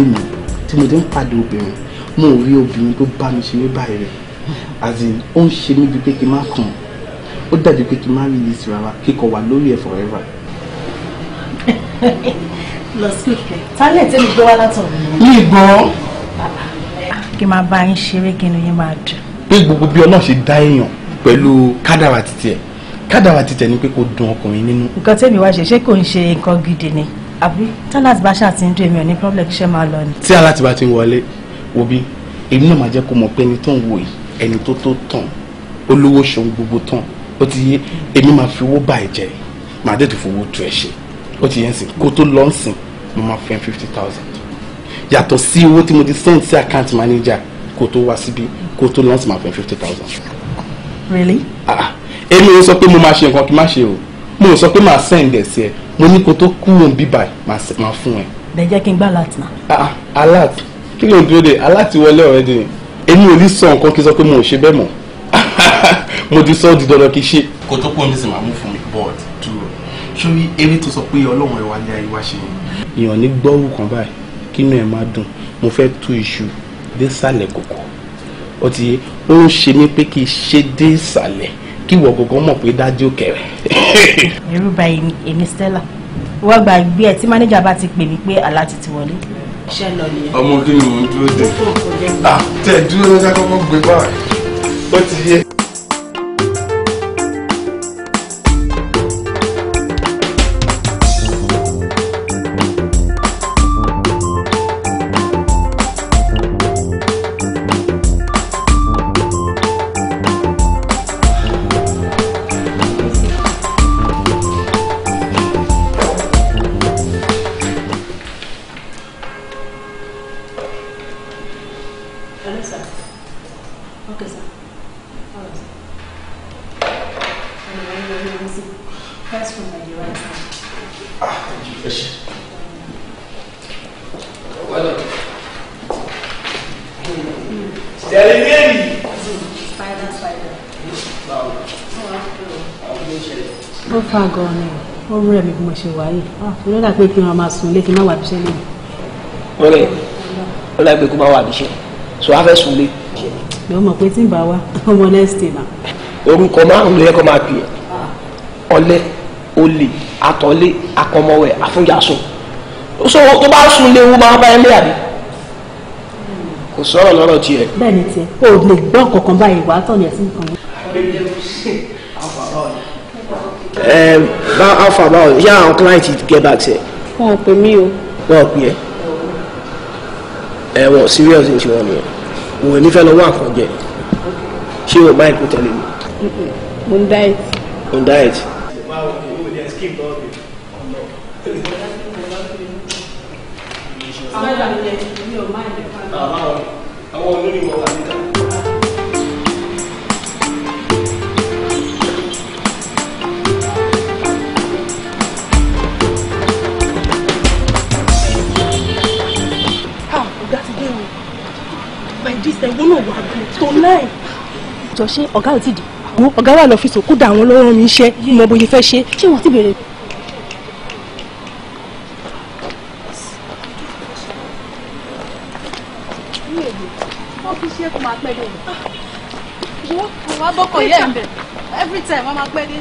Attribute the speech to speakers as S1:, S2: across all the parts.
S1: ayé mi
S2: tí mo ti ń pàdé obìnrin mo ò rí obìnrin tó bá mi ṣe ní báyìí rẹ̀ àti ó ń ṣe mí bíi pé kí n má kàn ó dàbí pé kí n má rí ilé ìsira wa kíkọ wà lórí ẹ̀ forever. lọ sí òkè tálẹ̀ tẹ́mi gbé wá látọ̀ mi. mi gbọ́. kí n máa bá yín ṣeré kí inú yín máa dùn. pé gbogbo bí ọlọ́run ṣe dá èèyàn pẹ̀lú kádàrà títí ẹ̀ kádàrà títí ẹ̀ ni pé kò dùn ọkùnrin nínú. nǹkan tẹ́mi wá ṣe ṣé kò ń ṣe nǹkan gidi ni àbí tọ́lá ti bá ṣáà ti ń dún èmi ò ní problem ṣe máa lọ ni. tí aláti bá ti ń wọlé wo bí èmi náà máa jẹ́ kó mọ̀ pé ẹni tó ń wò yìí ẹni tó tó tàn olówó ṣeun gbogbo tàn ó ti yé èmi máa fi owó bá ẹ jẹ màá dẹ̀ tó fowó tu ẹ ṣe ó ti yẹn sìn kó tó lọ ń sìn mo máa fẹ́ fifty thousand yàtọ̀ sí owó tí mo ti send sí account manager kó tó wá síbí kó tó lọ máa fẹ́ fifty thousand. really. Ah, ah. èmi ò sọ pé mo máa ṣe nǹkan kí n má ṣe o mo sọ pé màá send ẹ̀ sí ẹ mo ní kó tó kúrò ń bíbà màá fún ẹ. bẹ́ẹ̀ jẹ́ kí n gbá alert náà. Ah, ah, alert kí ló ń dúró de alert wọlé ọ̀rẹ́ de èmi ò ní sọ nǹkan kí n sọ pé mo ò ṣe bẹ́ẹ̀ mọ̀ mo ti sọ ọ́ di dandan kí n ṣe. kó tó kúrò ń bí sì máa mú fún mi bọ́ọ̀d dúró sórí eré tó sọ pé ọlọ́run ẹ̀ wá ní ayé wá ṣe. èèyàn ní gbọ́rù kan báyìí kínú ẹ̀ má dùn mo fẹ́ tú iṣu désàlẹ̀ kòkó ó ti ó ṣe mí pé kí n ṣe désàlẹ̀ kí ìwọ gangan mọ̀ pé dájú òkè rẹ̀.
S1: ẹ̀rù bà èmi
S2: Stella wọ́n gba ìgbé ẹ̀ tí mánéjà bá ti pè mí pé aláàtì ti wọlé. ọmọ kí ni mò ń dúró dé ah, tẹ̀ dúró lọ́jà kọ́kọ́ gbé báyìí ó ti yé. ṣe wà yìí ah, ṣe lọ́dà pé kí wọ́n máa sùn lé kí wọ́n máa wà bíṣẹ́ lé. ọ̀rẹ́ ọ̀rẹ́ pé kó máa wà bíṣẹ́ so a fẹ́ sùn lé. mi ò mọ̀ pé tí ń bá wa ọmọ lẹ́sìtì náà. orúkọ márùn ló yẹ kó máa pè é ọ̀lẹ olè àtọ̀lé akọmọwẹ àfúnjàsùn so tó bá sùn lé wọ́n máa bá ẹ lé àbí kò sọ̀rọ̀ lọ́rọ̀ tiẹ̀. bẹ́ẹ̀ni tiẹ̀ o lè gbọ́ kọ̀ọ̀kan báyìí wàá tọ̀ ní ẹ̀sìn um, how far báwo ṣé àwọn client ti get back say. wọn ò pè mí o. wọn ò pè ẹ um, wọn serious ní tiwọn nìyẹn wọn ò ní fẹ́ lọ wá nǹkan jẹ ṣé o máa ń kó tẹ̀lé mi. mo ń diet. mo ń diet. ṣé ọ̀gá ò ti dì wo ọ̀gá wà lọ́fíìsì kódà àwọn ọlọ́run mi iṣẹ́ mo bóyá fẹ́ ṣe ṣé wọ́n ti bèrè. wo wàá bọ́kọ̀ yẹ́ ẹ̀ bẹ̀ every time wọ́n máa pẹ́ dé.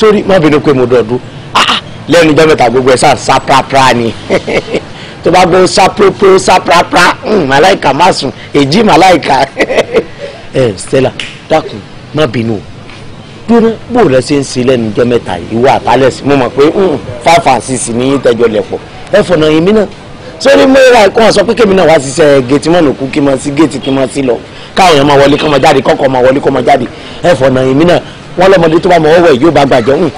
S2: sórí má bínú pé mo dọ̀dú ah, ah, lẹ́nu ìjọ mẹ́ta gbogbo ẹ̀ sá sáprápra ni tó bá gbọ́ sáprópó sáprápra hmm, màláìka má sùn èjì màláìka ẹ eh, Stella dákun má bínú dúró bó lẹ ṣe ń ṣe lẹ́nu ìjọ mẹ́ta ìwà àtàlẹ́sì mo mọ̀ pé hmm, five and six ní tẹ́jọ́ lẹ̀pọ̀ ẹ fọ̀nà èmi náà sórí mẹ́ra ẹ̀kọ́ sọ pé kémi náà wá ṣiṣẹ́ gẹ̀tìmọ́nù kú kí n máa sí gẹ̀tì kí n máa sí lọ káwọn èèyàn máa wọlé kọ́ máa jáde kọ́kọ́ máa wọlé kọ́ máa jáde ẹ fọ̀nà èmi náà wọ́n lọ́mọdé tó bá mọ ọwọ́ ẹ̀ yóò bá gbàjọ́ hùn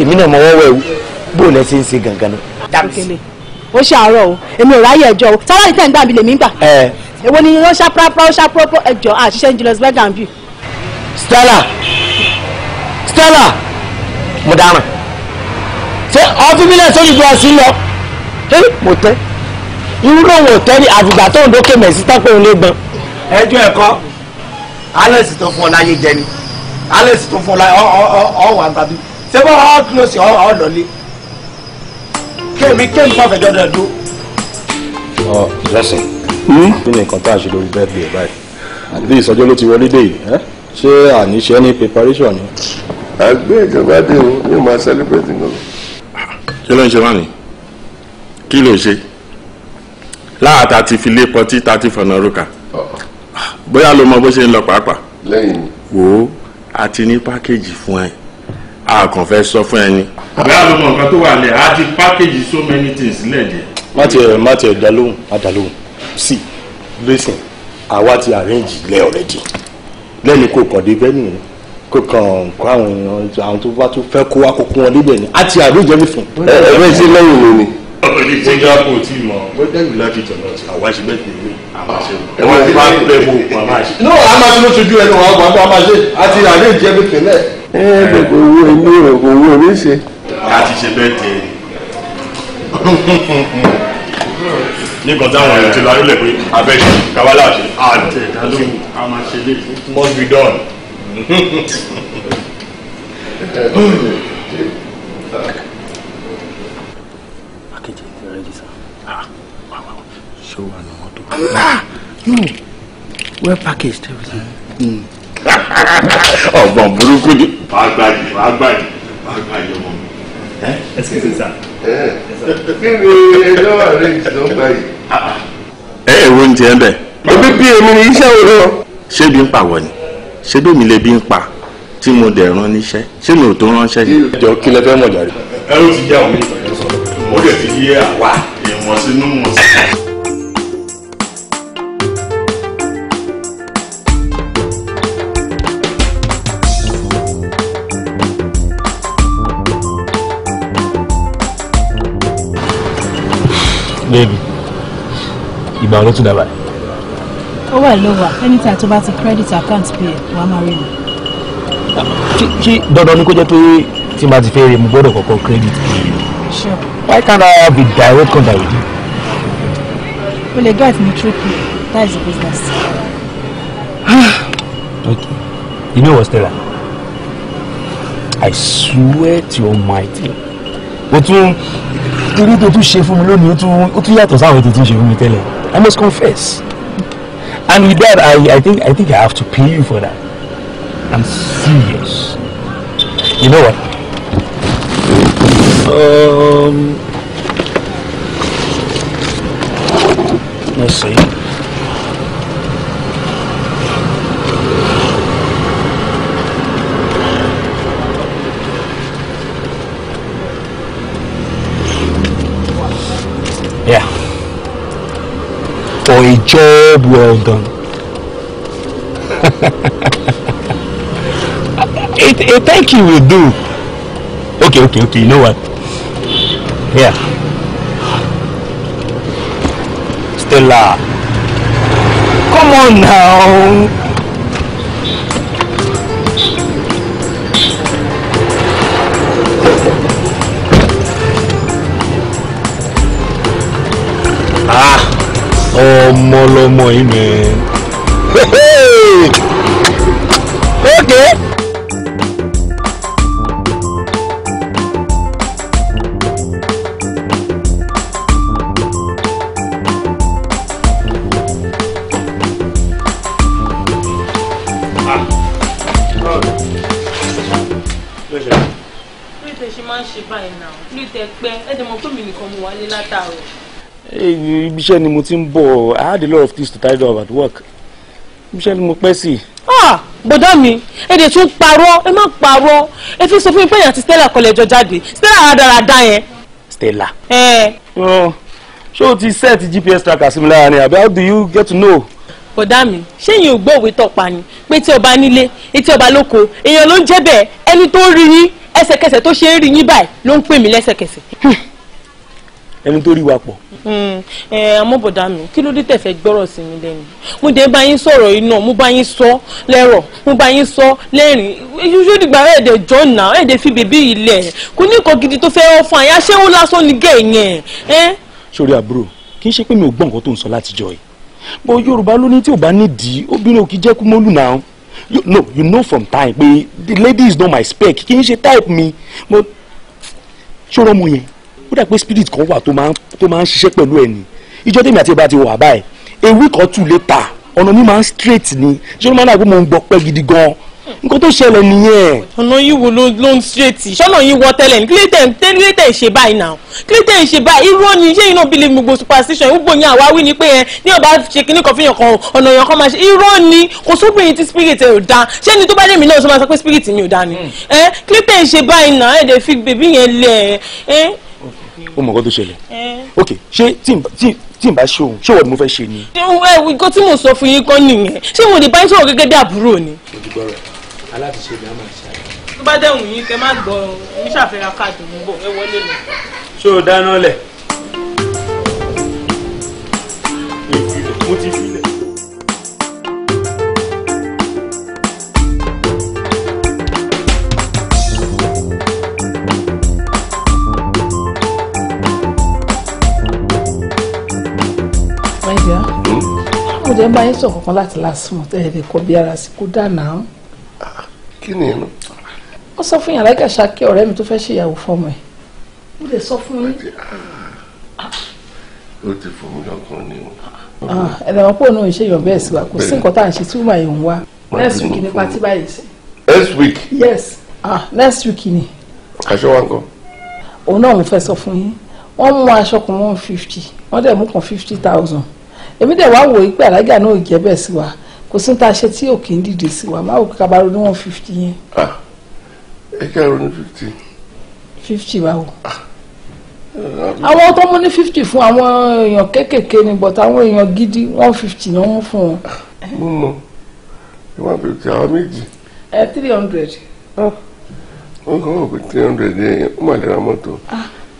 S2: èmi náà mọ ọwọ́ ẹ̀ bó lẹ ṣe ń ṣe gangan ni. ó ṣàárọ̀ o èmi ò ráyè ẹjọ́ o sáláàdì tẹ̀ ń gbà mí lèmi ń gbà. èwo ni ó ṣàprápá ó ṣàprápá ẹjọ́ àṣìṣe ń jùlọ síbẹ̀ gàmbí. Stella Stella mo dáràn ṣé ọtí mi náà sóyún ju ọsìn lọ mo tẹ irú òun ò tẹ́ ní àfìgbà tó ń dókè mẹ́sítá pé òun lè gbọ́n ẹjọ́ ẹ̀kọ́ alex tó fún ọ láyé jẹ ni alex tó fún ọ láyé ọ wà gbàbí ṣé bọ́ ọ close ọ lọlé kémi kémi fọfẹ dọdọ dó. ọ lẹsìn hmm? kí ni nǹkan tá a ṣe lórí bẹ́ẹ̀ bí ẹ báyìí àbí ìsọjọ́ ló ti wọlé dé yìí ṣé àní ṣe ní preparation ni. àgbẹ̀ ìjọba dé o ní màá celebrate nǹkan. kí ló ń ṣe wá mi kí ló ń ṣe láàtà ti fi lé pọtí tá a ti bóyá ló mọ bó ṣe ń lọ pàápàá. lẹ́yìn. wo a ti ní pákéjì fún ẹ a kàn fẹ́ sọ fún ẹ ni. bóyá ló mọ nǹkan tó wà lẹ̀ a ti pákéjì so many things lẹ́ẹ̀dẹ̀. má tiẹ̀ má tiẹ̀ dá lóhùn má dá lóhùn sí listen àwa ti arrange lẹ́ already lẹ́ni kò kàn dé bẹ́ẹ̀ nìyẹn kò kàn kó àwọn èèyàn àwọn tó bá tún fẹ́ kó wá kó kó wọn débẹ̀ ni a ti arrange everything. ẹ ẹ bẹ́ẹ̀ sí lẹ́yìn mi bóyá kò tí ì mọ bóyá ìlú láti jọ náà àwa ṣe bẹ́ẹ̀ tèmi àwa ṣe ẹ wọ́n ti máa ń bẹ mo mà ṣe. no a máa ti ló sojú ẹnu àwọn àgbà máa ṣe àti àlẹ́ ìjẹ́ bí tẹ́lẹ̀. ẹ ẹ gbogbo owó inú rẹ kò wọ mí ṣe. a ti ṣe bẹ́ẹ̀ tẹ nígbà táwọn èèyàn ti láyé lẹ abẹ́ṣe kábàlà
S1: ṣe àtẹ ìdálóhùn a ṣe lè
S2: Allah! No. Well packaged everything. Mm. Ọ̀gbọ̀n burúkú ni. Wàá gbàdì, wàá gbàdì, wàá gbàdì ọmọ mi. Ẹ ẹ sì sà. Kí ni ẹjọ́ rẹ̀ ìṣòro gbà yìí? Ẹ ẹ̀ wo ń tiẹ̀ bẹ̀? Ebi bí èmi ni iṣẹ́ wo lọ? Ṣé bí ń pàwọ̀ ni? Ṣé bí mi lè bí ń pa? Tí mo dẹ̀ rán níṣẹ́? Ṣé mi ò tó ránṣẹ́ ni? Ìjọ kí lẹ fẹ́ mọ̀ jàre? Ẹ ló ti jẹ́ àwọn ìgbà yẹn sọ. Ó dẹ̀ ti yé àwa ìwọ̀n sínú wọn
S1: sí. baby
S2: ìgbà wo ló tún dábàá. ó wà lówà anytime tó bá ti credit account
S1: pay wàá máa rí mi.
S2: ṣé dandan ni kó jẹ́ pé tí màá ti fẹ́ rí mo gbọ́dọ̀ kọ́kọ́ credit pay you. sure. why can't I have a direct contact with you. o lè get me through pay that is the business. okay you know what Stella I swear to Almighty o tún irú tó tún ṣe fún mi lónìí ó tún yàtọ̀ sáwọn ètò tó ń ṣe fún mi tẹ́lẹ̀ I must confess and with that I, I think I think I have to pay you for that I'm serious you know what.
S1: Um, let's see. Yeah.
S2: For a job well done. It, it, thank you will do. Okay, okay, okay. You know what? Yeah. Stella.
S1: Come on now.
S2: ọmọ lọmọ yìí mẹ. okay. ṣe máa ń ṣe báyìí náà lóòótọ́ pé ẹ̀dẹ̀ mọ̀ pé mi nìkan mo wálé látàárọ̀ ibi iṣẹ́ ni mo ti ń bọ̀ I had a lot of things to tidy up at work ibi iṣẹ́ ni mo pẹ́ sí. Ah, bọ̀dá mi èdè tún parọ́ ẹ má parọ́ ẹ fi sọ fún mi pé èèyàn àti Stella kọlẹ̀ jọ jáde Stella rádaràda yẹn. Stella. Oh, ṣé o ti set GPS tracker sí mi lára ni àbí how do you get to know bọ̀dá mi ṣéyìn ògbó òwe tọ̀pa ni pé tí ọba nílé etí ọba lóko èèyàn ló ń jẹ́ bẹ́ẹ̀ ẹni tó ń rí yín ẹsẹ̀kẹsẹ̀ tó ṣe ń rí yín báyìí ló ń pè mí lẹ́sẹ̀kẹsẹ̀. Hmm ẹni tó rí wa pọ̀. Hmm. ẹ amóbọ̀dá mi kí ló dé tẹ̀fẹ̀ gbọ́rọ̀ sí mi lẹ́nu mo dé bá yín sọ̀rọ̀ iná mo bá yín sọ lẹ́rọ̀ mo bá yín sọ lẹ́rìn yóò dìgbà ẹ̀ẹ́dẹ̀ jọ̀nà ẹ̀ẹ́dẹ̀ fi bèbí yìí lẹ̀ kò ní nǹkan gidi tó fẹ́ fún àyà ṣé wọn lásán ni gẹ̀ yẹn. sori àbúrò kì í ṣe pé mi ò gbọ́ nǹkan tó ń sọ látijọ́ yìí bó yorùbá ló ní tí ò bá nídìí obìnrin ò you, no you know from time the lady is not my spec kì í type mi mo ṣòro mo yẹn ó dà pé spirit kan wà tó máa tó máa ń ṣiṣẹ́ pẹ̀lú ẹ̀ ni ìjọ tèmi àti ìbá ti wà báyìí ewì kan tù lé ta ọ̀nà mi máa ń straight ni ṣé ló máa ń dàgbé mo ń gbọ́ pẹ́ gidi gan-an nǹkan tó ṣẹlẹ̀ nìyẹn. ọ̀nà yìí wo ló ló ń straight ṣọ́nà yìí wọ tẹ́lẹ̀ ní kílítẹ̀ kílítẹ̀ ṣe báyìí náà kílítẹ̀ ṣe báyìí irọ́ ni ṣé iná bíi gbogbo superstition gbogbo yẹn àwa wí ni pé ẹ ní ọba ṣe kíní kan fihàn kan ọ̀nà yẹn kan máa ṣe irọ́ ni kò sóbìnrin tí spirit ẹ̀ ò da ṣé ni tó bá dé mi náà sọ ma sọ pé spirit mi ò da ni. Hmm. kílítẹ̀ ṣe báyìí náà ẹ̀ o mọ̀ nǹkan tó ṣẹlẹ̀ eh. ok ṣé tí n bá ṣe òun ṣé wọ́n ni mo fẹ́ ṣe ni. ẹ nǹkan tí mo sọ fún yín kan nìyẹn ṣé mo lè bá yín sọ̀rọ̀ gẹ́gẹ́ bí àbúrò ni. ojúgbọ́ rẹ̀ aláàtúnṣe ni a máa ṣe àyè. tó bá dẹ̀wù yín kẹ́ má gbọ́ ọ ń ṣàfihàn káàdì mú bọ̀ ẹ wọlé lọ. ṣé o dáná lẹ̀? mo ti fi
S1: mo
S2: jẹ́ bá yín sọ kankan láti last month ẹ̀ lè kọ́ bí ara sí kó dáná. kí ni inú. wọ́n sọ fún yàrá ìkàṣà kí ọ̀rẹ́ mi tó fẹ́ ṣèyàwó fọmọ ẹ̀ mo lè sọ fún yín. o ti fòun lọ́kàn ni o. Ah, ẹ lọ́wọ́ pé òun ò ń bẹ́ẹ̀ sí wa kò sí nǹkan tá à ń ṣe tí wọ́n máa yẹ̀ wá. next week ni pati báyìí sí. next week. yes ah next week ni. aṣọ wa ńkọ́. òun náà mo fẹ́ sọ fún yín wọ́n mú aṣọ kan one fifty wọ́n dẹ̀ mú kan fifty thousand èmi dẹ̀ wá wò ó pé alájà náà ò jẹ́ bẹ́ẹ̀ sí wa kò sí ta ṣe tí òkè ń dìde sí wa má wò ká bá ronú one fifty yẹn. Ah, ẹ ká ronú fifty. fifty báwo. Ah, eh, àwọn tó mú ní fifty fún àwọn èèyàn kéékèèké ni but àwọn èèyàn gidi one fifty náà mú fún wọn. Ah, mo mọ ìwà fifty àwọn méjì. ẹ eh, three hundred. wọ́n kọ́ wọ́n three hundred yẹn ó mà lè ra mọ́tò.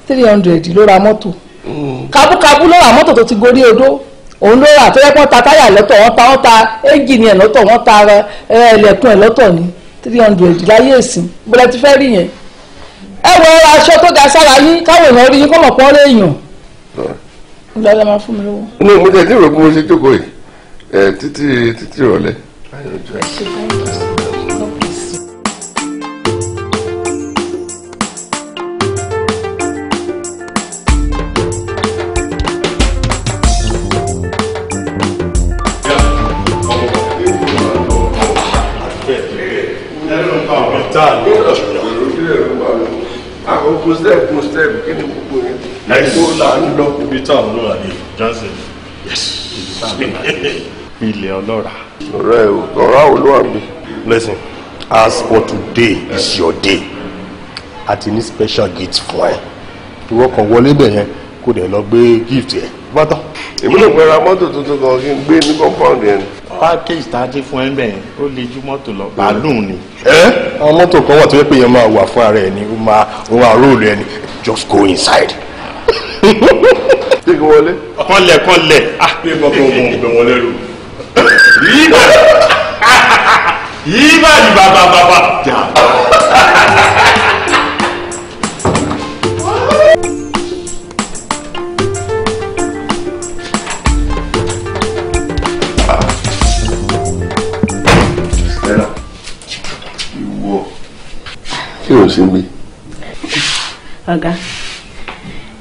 S2: three hundred ló ra mọ́tò. Mm. kábúkábú ló ra mọ́tò tó ti gorí odó òun ló rà tó yẹ kó ta táyà lọ́tọ̀ wọ́n ta wọ́n ta ẹ́ńjìnì ẹ̀ lọ́tọ̀ wọ́n ta ẹlẹ́kùn ẹ̀ lọ́tọ̀ ní three hundred láyé èsì bọ́lá ti fẹ́ rí yẹn. ẹ wọ aṣọ tó ga sára yín káwọn èèyàn rí yín kọ́ mọ̀ pọ́n léèyàn. lọ́dọ̀ máa fún mi lówó. inú mi tẹ̀ tí ìrògùn mo ṣe jókòó yìí títí títí ìrọ̀lẹ́. gbogbo step gbogbo step kí ni gbogbo yẹn. ẹ̀sìn tó là ń lọ. ibi tá à ń lọ àlè Johnson ilẹ̀ ọlọ́ra. ọ̀rẹ́ o ọ̀rá wo ló wà mí. listen as for today is your day a ti ní special gift fún ẹ ìwọ kan wọlé bẹ̀ yẹn kó dẹ̀ lọ gbé gift ẹ bá èmi náà fẹ́ ra mọ́tò tuntun kan kí n gbé ní compound yẹn package tá a ti fún ẹ bẹ́ẹ̀ ó lè ju mọ́tò lọ bàálù ni. ẹ àwọn mọ́tò kan wà tó yẹ pé yẹn máa wà fún ara ẹ ni ó máa ó máa róòlù ẹ ni just go inside. ṣéèkì wọlé. kọ́lẹ̀ kọ́lẹ̀. Ah, pé kọ́kọ́ mo ń gbẹ wọn lẹ́rù. yíyí bá yí ò sí mi. ọ̀gá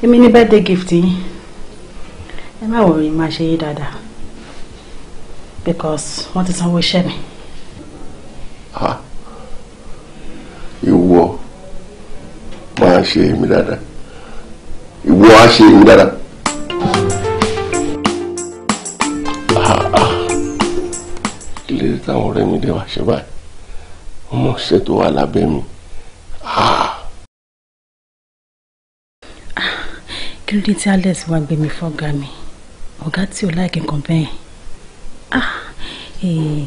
S2: èmi ní birthday gift yín ẹ má wọrí máa ṣe yé dáadáa because wọ́n ti sanwó iṣẹ́ mi. ìwọ máa ṣe mí dáadáa ìwọ á ṣe mí dáadáa. ilé táwọn ọ̀rẹ́ mi dé wá ṣe báyìí wọ́n mọ̀ ṣètò wà lábẹ́ mi kí ló dé tí alex wá gbé mi fọ́gà mi ọ̀gá tí ò láìkí nǹkan bẹ́ẹ̀ ah, eh,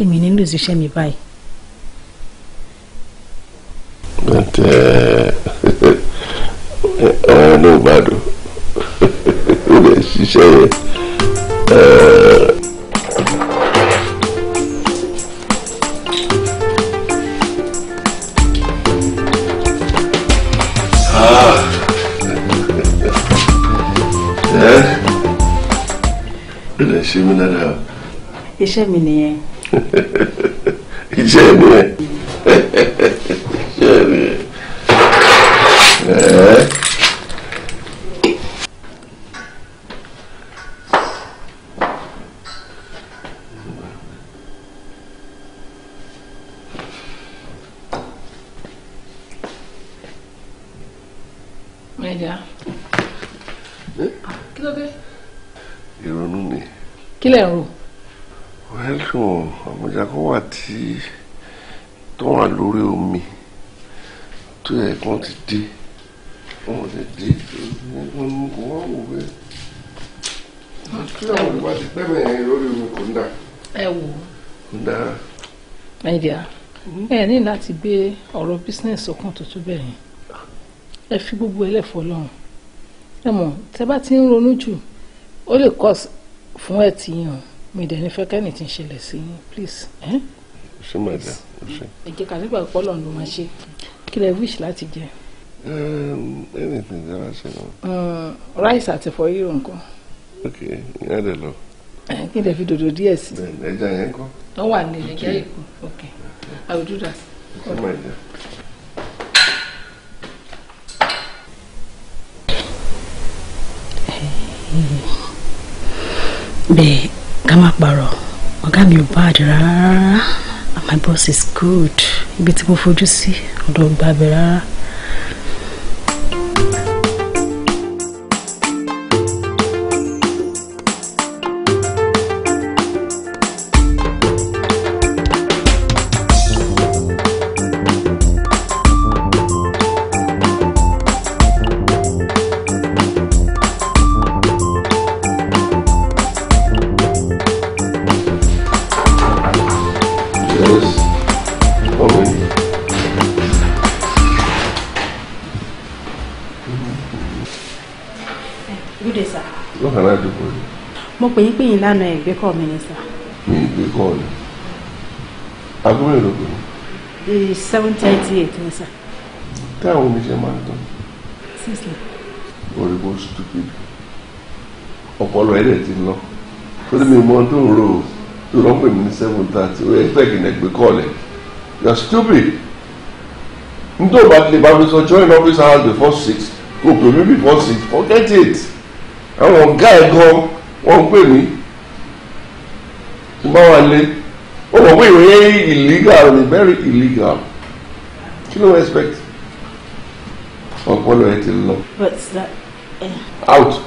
S2: èmi nílò ìṣiṣẹ́ mi báyìí.
S1: bẹ́ẹ̀ ọ̀rọ̀ náà bá dùn ó lè ṣiṣẹ́ yẹn. mi dáadáa.
S2: iṣẹ́ mi nìyẹn. iṣẹ́ mi nìyẹn. iṣẹ́ mi nìyẹn. láti gbé ọ̀rọ̀ business ọkàn tuntun bẹ́ẹ̀ yẹn ẹ fi gbogbo ẹlẹ́fọ́ lọ́rùn ẹ mọ̀ tẹ́ bá ti ń ronú jù ó lè kọ́ fún ẹ̀ tí yàn mi dẹ̀ ní fẹ́ kẹ́ni tí ń ṣẹlẹ̀ sí yín please.
S1: ṣé máa dà ó ṣe.
S2: ẹ jẹ́ ká nígbà pọ́ lọ́run ló máa ṣe kí lẹ wish láti jẹ.
S1: Um, anything dára ṣe lọ.
S2: Um, rice àti ẹ̀fọ́ yíyọ nǹkan.
S1: ok ìyá dẹ̀ lọ.
S2: kí lẹ fi dòdò díẹ̀ sí. ẹja yẹn kọ́. wọ́n wà ní ẹja yìí kù ok I will do that bẹ́ẹ̀ ká má parọ́ ọ̀gá mi ò bá àdìrà rárá my boss is good ibi tí mo fojú sí ọ̀dọ̀ gbàgbé Yes. Oh, Good day, sir. What can I do for you? Mo pè yín pé yín lánàá ẹ̀ gbé kọ́ mi ni sà. Mi ì gbé ni. Agbóhùn èrò pé. The seven thirty eight ni sà. Táwọn oníṣẹ́ máa ń tán. Sísè. Orí bó stupid. Ọ̀pọ̀lọ ẹ̀rẹ̀ ti lọ. Ó mi mọ ohun tó ń ló ń pè mí seven thirty ó yẹ tẹ́gì náà gbé kọ́ọ̀lẹ̀ you are stupid ntọ́ bá tilẹ̀ bá mi sọ join office hours before six kò pè mí before six forget it àwọn ọ̀gá ẹ̀ gan wọ́n ń pè mí tí wọ́n wà lé ó mọ̀ pé ìwé illegal ni very illegal kí ló wọ́n expect ọpọlọ ẹ ti lọ eh. out.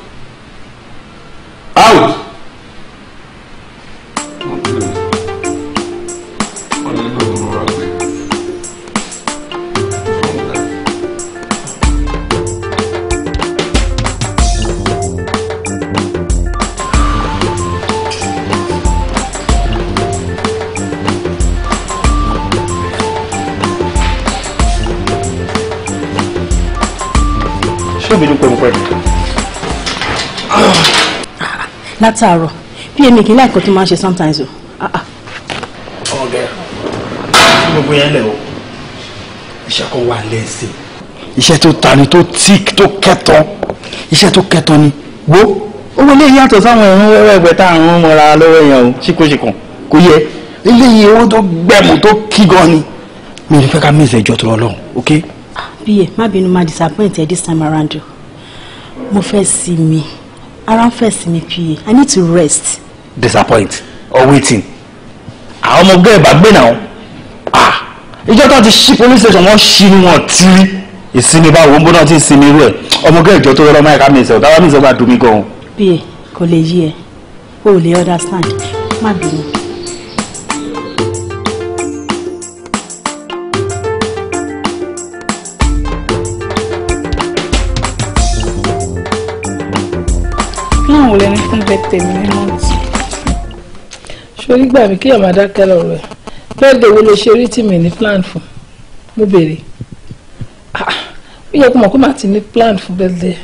S2: látàárọ̀ bí èmi kì í láìkọ́ tó máa ń ṣe sometimes o. Ah, ah. ọ̀gá kí gbogbo yẹn lẹ̀ o iṣẹ́ kan wà lẹ́sìn. iṣẹ́ tó tani tó tíìkì tó kẹ́tọ́ iṣẹ́ tó kẹ́tọ́ ni wo owó ilé yàtọ̀ sáwọn ẹ̀rún wẹ́wẹ́ ẹgbẹ́ tá à ń mọ́ra lọ́wọ́ yẹn o ṣíkòṣìkò kò yẹ eléyìí owó tó gbẹ̀mù tó kí gan ni mi ò ní fẹ́ ká mí ìṣẹ́jọ́ tó lọ́lọ́run ok. Ah, bíyẹ̀ má bínú má disappoint ẹ this time around o mo fẹ́ sinmi. Si ara ń fẹ̀ sí mi kí i need to rest. disappoint or waiting àwọn ọmọ ọgbẹ́ ìbá gbé náà ah ìjọ tó ti ṣí police station wọ́n ṣí ni wọ́n ti rí ìsinmi báwo ń bó náà ti ń sinmi irú ẹ̀ ọmọ ọgbẹ́ ìjọ tó rọrọ máa ká mi ìṣẹ̀wọ̀ táwa mi ìṣẹ̀wọ̀ bá dùn mí gan-an. bíi kò lè yí ẹ o ò lè understand má bínú. bẹ tèmi nínú ìtì sórí gbà mí kí àmàdá kẹlẹ ọ̀rọ̀ ẹ bẹ́ẹ̀ dèwọ lè ṣe rí tìmí ní plan fún mo béèrè ah, ó yẹ kó mọ̀ kó má ti ní plan fún bẹ́ẹ̀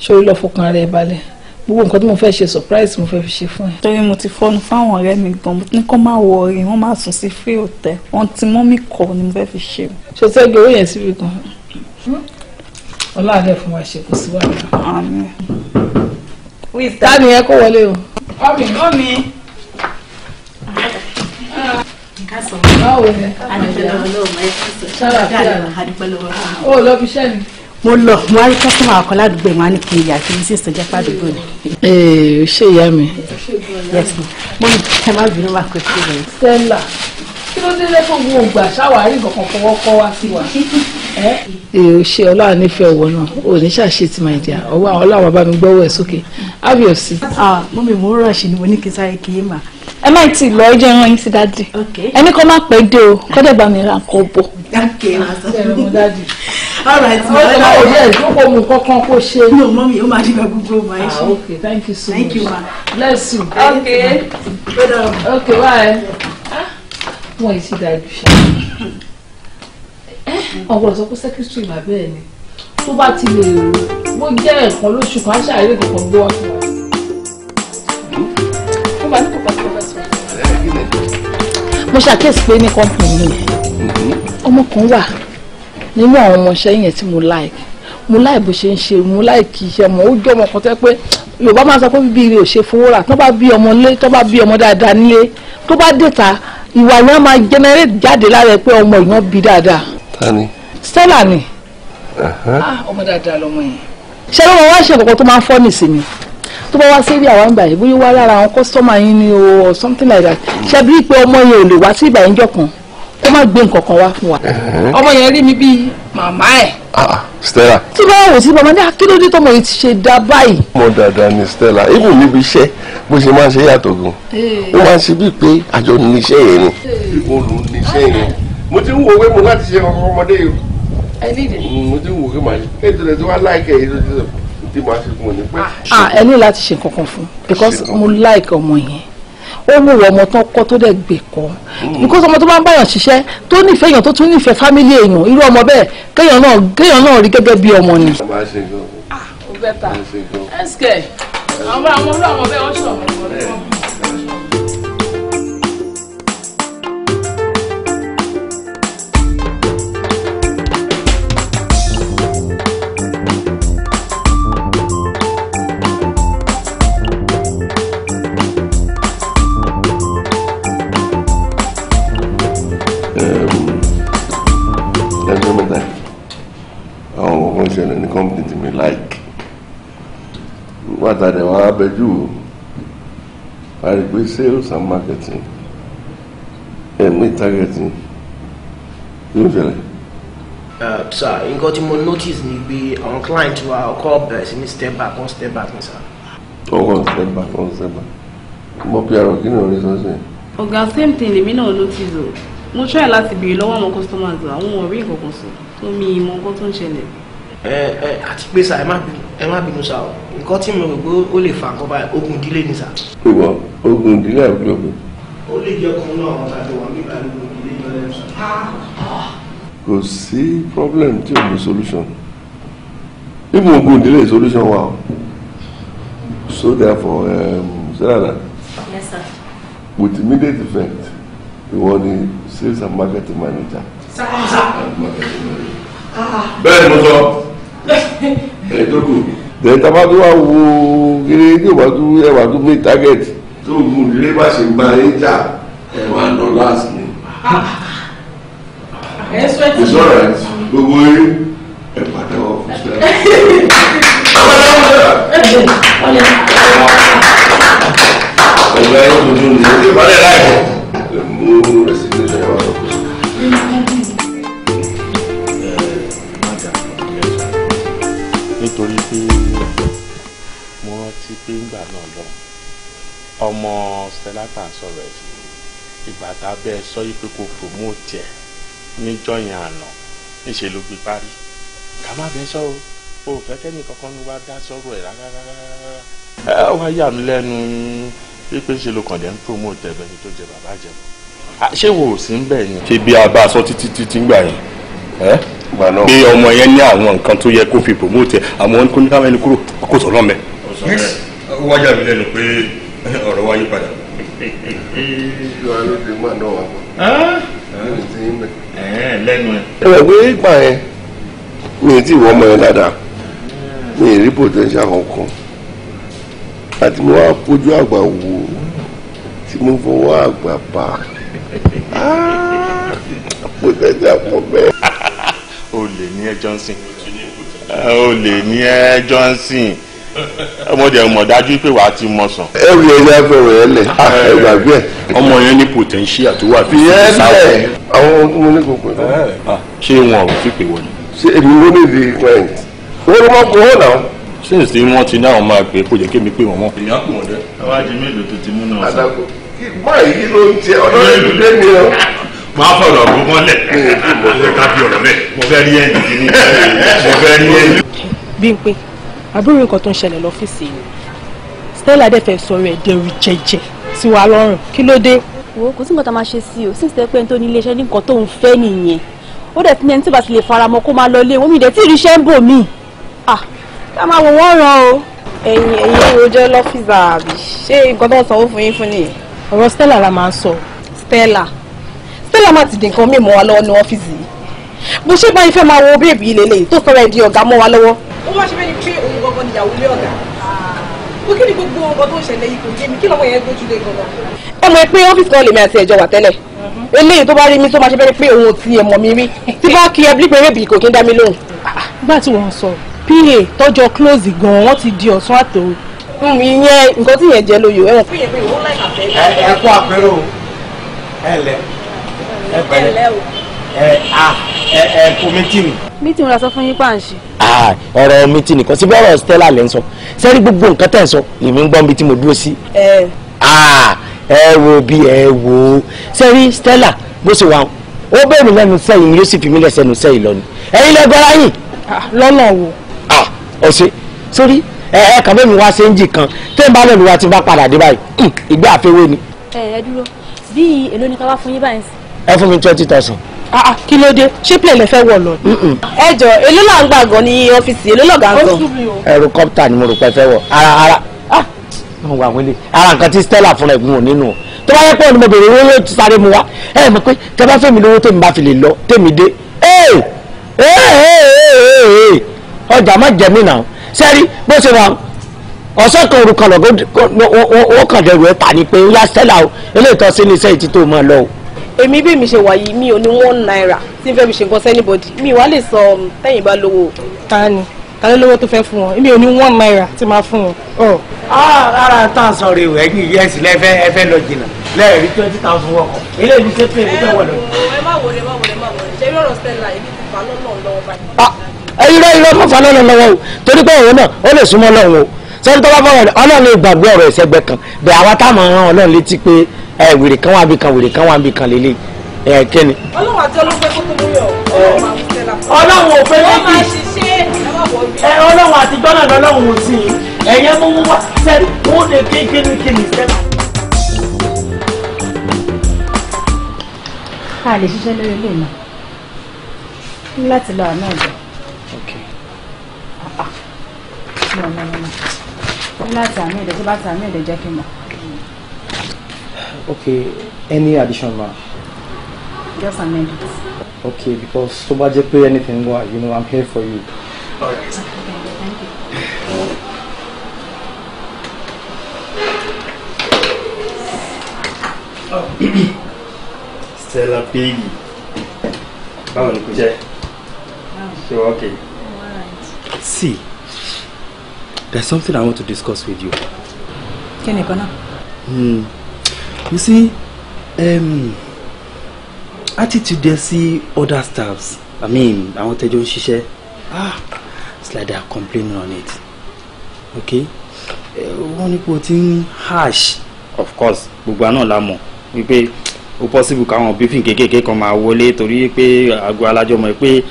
S2: sórí lọ fọkàn rẹ balẹ̀ gbogbo nǹkan tí mo fẹ́ ṣe surprise mo fẹ́ fi ṣe fún ẹ. torí mo ti fọ́nu fáwọn ọ̀rẹ́ mi gan mo ní kó má wọrí wọ́n má sùn sí free hotel wọ́n ti mọ́ mi kọ́ ni mo fẹ́ fi ṣe. ṣe sẹ́gi owó yẹn síbi kan ọlọ́àdẹ fún wa ṣe kò sí wàhálà. àmín táàmì yẹn kó wọlé o. ọmọ ìgbọ́ mi. ó lọ fi ṣẹ́ mi. mo lọ mo wáyé kọ́sọ́mù àkọ́ ládùúgbò wọn ní kí n yà kí n sì sọjá pàdùgbò ni. ee eh, ṣé ìyá mi. mo ní ẹ má bínú wà pé kí n lọ. Stella kí ló dé lẹ́kọ̀ọ́ wo ògbà ṣàwárí nǹkan fọwọ́ kọ́ wá sí wa. èrò ṣe ọlọ́run nífẹ̀ẹ́ ọ̀wọ́ náà ò ní ṣàṣe ti máa dìá ọwọ́ àwọn ọlọ́run bá mi gbọ́wọ́ ẹ̀ sókè ábí ọ̀sì. Ah, mo mi mú ràṣì ni mo ní kí sáré kí yé mà. ẹ má ti lọ ẹjọ́ ìran yín sí dáàdì ẹni kọ́ má pẹ́ dé o kọ́dẹ̀ bá mi ra nǹkan bọ̀. dákẹ́ ọ̀rọ̀ àti ọ̀rọ̀ wọn yìí ti dájú ṣá ọ̀gbọ́n sọ pé sẹ́kítírì bàbá ẹ̀ ni tó bá ti lè rò bó jẹ́ ẹ̀kan lóṣù kan aṣáájú kankan gbọ́ wá fún wa.
S1: fún wa ní kò bá tó bá sọ.
S2: mo ṣàkíyèsí pé ní kọ́ńpìnì
S1: yẹn
S2: ọmọ kan wà nínú àwọn ọmọọṣẹ́ yẹn tí mo like mo láì bó ṣe ń ṣe mo láì kì í ṣe mọ ó jọ ọmọ kan tẹ pé yorùbá máa ń sọ pé bíbí rè ò ṣe fowó rà tó bá bí ọmọ lé tó bá bí ọmọ dáadáa nílé tó bá dé ta ìwà yẹn máa generate jáde lára ẹ pé ọmọ yẹn bí dáadáa. tani. Stella ni. Ah, ọmọ dáadáa lọmọ yẹn. ṣé ló máa wá ṣe nǹkan tó máa ń fọ́ nìsinmi tó bá wá sí ibi àwọn ìgbà yìí bóyá wá lára àwọn kọ́sítọ́mà yín ni o or something like that ṣe bí pé ọmọ yẹn ò lè wá sí ìgbà yẹn jọ̀kan kó má gbé nǹkan kan wá fún wa ọmọ yẹn rí mi bíi màmá ẹ̀. Ah, ah, Stella. tí bá wò sí màmá ní akíndóde ah, tọmọ yìí ti ṣe dá báyìí. mo dáadáa ni Stella ibùn níbi iṣẹ́ bó ṣe máa ń ṣe yàtọ̀ gan eh. ó máa ń ṣe bíi pé àjọ ní iṣẹ́ yẹn ni olùníṣẹ́ eh. yẹn mo ti ń wo owó mo láti ṣe ọmọ ọmọdé yìí mo ti ń wo kí màá ṣe kéde tí wàá láìkẹ́ yìí lójú tí màá ṣe fún ọ ní pẹ́. ẹ láti ṣe nǹkan kan fún because mo like ọmọ yẹn ó mú wọ ọmọ tán kọ́ tó dẹ̀ gbè kọ́ because ọmọ tó bá ń báyàn ṣiṣẹ́ tó nífẹ̀ẹ́ èèyàn tó tún nífẹ̀ẹ́ fámílì èèyàn irú ọmọ bẹ́ẹ̀ kéèyàn náà kéèyàn náà rí gẹ́gẹ́ bí ọmọ ni. ọ̀bẹ̀ta ah, ẹ̀sìkẹ̀ àwọn ọmọ ọlọ́ọ̀mọ bẹ́ẹ̀ wọ́n ṣọ̀rọ̀ company to me like nígbàtà dẹ̀ wọ́n abẹ́jú I a rí pé sales and marketing ẹ̀mí targeting ló ń ṣẹlẹ̀. sir nǹkan tí mo notice ni pé àwọn client wa ọkọ bẹ̀rẹ̀ sí ní step back one step back ní sir. ọkọ step back one step back mo pe àrò kí ni òun ní sọ́sẹ̀. ọ̀gá same thing lèmi náà notice o mo try láti béèrè lọ́wọ́ àwọn customers àwọn ò rí nǹkan kan sọ tó mi ìmọ̀ nǹkan tó ń ṣẹlẹ̀ àti pé sà ẹ má bínú sà o nǹkan tí mo rò pé ó lè fa nǹkan báyìí ogun ìdílé ni sà. ìwọ ogun ìdílé àbúrò mi. ó lè jẹ́ kan náà àwọn tàbí wà nígbà gbogbo ìdílé yẹn lẹ́nu ah, ah. kò sí problem tí ò ní solution even ogun ìdílé solution wà o so therefore um, with immediate effect ìwọ ni sales and marketing manager. sir. sir. marketing manager. Ah, bẹ́ẹ̀ ni mo sọ ẹ̀yìn tó kù dẹ̀ẹ́ta bá tó wà wo kiri tí ìwà tó ẹwà tó gbé target tó gùn lé bá ṣe gba ẹ̀ jà ẹ̀wà nọ láti ní. it's alright gbogbo yín ẹ̀ pàdé wọ fún sẹ́yìn
S1: ọ̀gá yóò tuntun ní ìpàdé láìpẹ́. mo rẹ̀ sí ní ìṣẹ̀wá. pé
S2: mo rántí pé ńgbà náà lọ ọmọ Stella tá à ń sọ̀rọ̀ ẹ̀ ìgbà tá a bẹ́ẹ̀ sọ yìí pé kò promote ẹ̀ níjọ́ yẹn àná níṣẹ́ ló gbé parí ká má bẹ́ẹ̀ sọ o ò fẹ́ kẹ́ni kankan ní wá dá sọ̀rọ̀ ẹ̀ rárá ẹ wá yà mí lẹ́nu pípé ṣe ló kàn dé ń promote ẹ̀ bẹ́ẹ̀ ni tó jẹ bàbá jẹ ṣé wo ò sí ń bẹ̀ yẹn. ṣé bí a bá a sọ títí títí ń gbà yẹn pé ọmọ yẹn ní àwọn nǹkan tó yẹ kó fi promote àwọn kó ní káwọn ẹni kúrò kó sọ lọ́mẹ. ó wájà mí lẹ́nu pé ọ̀rọ̀ wáyé padà. lẹ́nu ẹ̀. ẹ wẹ̀ pé ipa yẹn mi ì tí ì wọ ọmọ yẹn dáadáa mi ì rí potential kankan àti mo wá fojú àgbà wò tí mo fọwọ́ àgbà pa ah! potential pọ̀ bẹ́ẹ̀ olè ní ẹ Johnson olè ní ẹ Johnson ọmọ dẹ̀ mọ̀ dájú pé wàá ti mọ̀ sàn. ẹ wù ẹ yá fẹrẹ ẹ lẹ ah, ẹ eh, gbàgbé ẹ. ọmọ yẹn ní potential tó wà fún ìṣẹ́ sáwọ́. àwọn ọmọ ní gbogbo ẹ. Eh, ah, ṣé wọn ò fi pè wọlé. ṣé èmi ló lè di client. wọ́n ló máa kó wọn náà. since tí wọ́n ti ní àwọn máa pè é kó jẹ́ kí èmi pè wọ́n mọ́. èmi á kù wọ́n dẹ́. àwa di mélòó tó ti mú náà sàn. báyìí ló ń tiẹ̀ ọ̀dọ́ ìlú dé mi o máa fọ̀rọ̀ ọ̀gbọ́n mọ́lẹ̀ mo fẹ́ ká bí ọ̀rọ̀ mẹ́ mo fẹ́ rí ẹ̀yìn kìíní mo fẹ́ rí ẹ̀yìn. Bímpé àbúrò nǹkan tó ń ṣẹlẹ̀ lọ́fíìsì yìí Stella dẹ̀ fẹ́ sọ̀rọ̀ ẹ̀ dẹrù jẹjẹ sí wa lọ́rùn kí ló dé. wo kò sí nǹkan tá a máa ṣe sí o sí ìṣẹ́ pé n tó ní iléeṣẹ́ ní nǹkan tó ń fẹ́ nìyẹn ó dẹ̀ fún ẹni tí bá ti lè faramọ́ kó máa lọ ilé wọn mi dẹ̀ tí ìrìṣẹ́ ń bò mí ká máa wò wọ́n ràn o. ẹ̀yin ẹ̀yin rojọ́ lọ́fíìsì àbí ṣé nǹkan tó sanwó ọ̀rọ̀ Stella la máa ń sọ. Stella Stella mm-hmm. má ti di mm, nǹkan míì mọ́ wa lọ́wọ́ ní ọ́fíìsì yìí bó ṣe báyìí fẹ́ máa wo bèbí ilé lẹ́yìn tó di ọ̀gá mọ́ wa lọ́wọ́. ó má ṣe bẹ́ẹ̀ ni pé òun gbọ́ngàn níyàwó ilé ọ̀gá pé kí ni gbogbo ọkọ tó ń ṣẹlẹ̀ yìí kò mi kí lọ́mọ yẹn gbójú lé gan-an. ẹ mọ̀ pé ọ́fíìsì kan bá rí mi tó máa ṣe pé òun ò ti ẹ pẹ̀lẹ́ ẹ a ẹ ẹ kò mítì mi. mítì mi la sọ fún yín pàǹṣì. ọ̀rọ̀ mítì nìkan síbẹ̀ ọ̀rọ̀ Stella lẹ́ ń sọ sẹ́rí gbogbo nǹkan tẹ̀ ń sọ lèmi ń gbọ́ mi tí mo dúró sí. ẹ wo bí ẹ wo sẹ́rí Stella bó ṣe wà ó bẹ̀rù lẹ́nu sẹ́yìn yóò sì fi mí lẹ́sẹ̀ nù sẹ́yìn lọ ni ẹ̀yin lẹ́gbẹ́ra yìn. lọ́nà wo. ọ̀sẹ̀ sórí ẹ ẹ kàn bẹ́ẹ̀ mi wá séńjì kan tó ń bá lẹ́nu wa ti bá padà dé báyìí hm, ìgbé àfẹ́wé ni. ẹ ẹ dúró bíi èlò ẹ fún mi twenty thousand. ah, ah kí ló dé ṣé plane lè fẹ́ wọ̀ lọ. ẹ jọ èló là ń gbà gan ní ọ́fíìsì èló lọ̀gá gan. ẹrùkọ́pítà ni mo rò pé fẹ́ wọ̀ ara ara wọn ah. wà wọlé ara nǹkan tí Stella fúnra ẹ̀gbọ́n ò nínú tó bá yẹ pé ọ̀nà bèrè owó yóò sáré mu wá ẹ mọ̀ pé tẹ bá fẹ́mi lówó tèmi bá fi lè lọ tèmi dé ọjà má jẹ mí náà sẹ́rí bó ṣe wà ọ̀sẹ̀ kan orúkọ lọ́gọ́ ó kàn dẹrù ẹ̀ ta ni pé ó yá Stella o eléyìí tó sí ní iṣẹ́ ìtítò máa lọ o èmi bí mi ṣe wà yìí mi ò ní one naira tí n fẹ́ fi ṣe nǹkan sẹ́nibọ̀dì mi wàá lè sọ um, tẹ́yìn bá lówó. ta ni ta ló lówó tó fẹ́ fún wọn èmi ò ní one naira tí máa fún wọn. ọ ara ah, tá a sọ̀rọ̀ ìwé ẹgbẹ ìyá ẹsìn lẹfẹ ẹfẹ lọ jìnnà lẹẹrí twenty thousand wọkọ ilé ìlú ṣe pé ìlú tẹwọ lọ. ẹ má wọlé má wọlé má wọlé ṣe irú ọ̀rọ̀ stella èmi kò fà lọ́nà lọ́wọ́ báyìí. Ah, irọ́ irọ́ má fà lọ́nà lọ́wọ́ o torí pé òun náà ó lè súnmọ́ lọ́wọ́ o sọ́ni tó bá fọwọ́ ọlọ́run lè gbàgbé ọ̀rọ̀ ìṣẹ́gbẹ́ kan bẹ̀ àwa táwọn ọ̀ràn ọlọ́run létí pé ẹ wèrè kan wà bí kan wèrè kan wà bí kan lélẹ̀ ẹ kẹ́ni. ọlọ́run àti ọlọ́pẹ́ kó tó lórí ọ̀rọ̀ ọlọ́run ò fẹ́ lẹ́kì ẹ ọlọ́run àti gbọ́nà lọ́lọ́run ò sí ẹ̀yẹ́ mú wá sẹ́ni ó lè
S1: kí kíni kíni sẹ́ni.
S2: a lè ṣiṣẹ́ lórí ilé náà láti lọ àná ọ̀dọ̀ ah, ah. láti àmì ìdẹ́jọ́ láti àmì ìdẹ́jọ́ kí n mọ̀ okay any addition ma.
S1: just amend it.
S2: okay because tó bá jẹ́ anything wà you know i'm here for you.
S1: all right. Okay, thank you. Oh.
S2: Stella Piggy. Come on, kò jẹ́? So okay. Right. See, there's something I want to discuss with you. Can you go now? Hmm. You see, um, attitude they see other staffs. I mean, àwọn tẹ́jọ́ ń ṣiṣẹ́. Ah, it's like they are complaining on it. Okay? Eh, wọ́n ní kò tí ń harsh. Of course, gbogbo àná la mọ̀ wípé ó possible káwọn bífìn kéékèèké kan máa wọlé torí pé àgọ́ alájọmọ̀ pé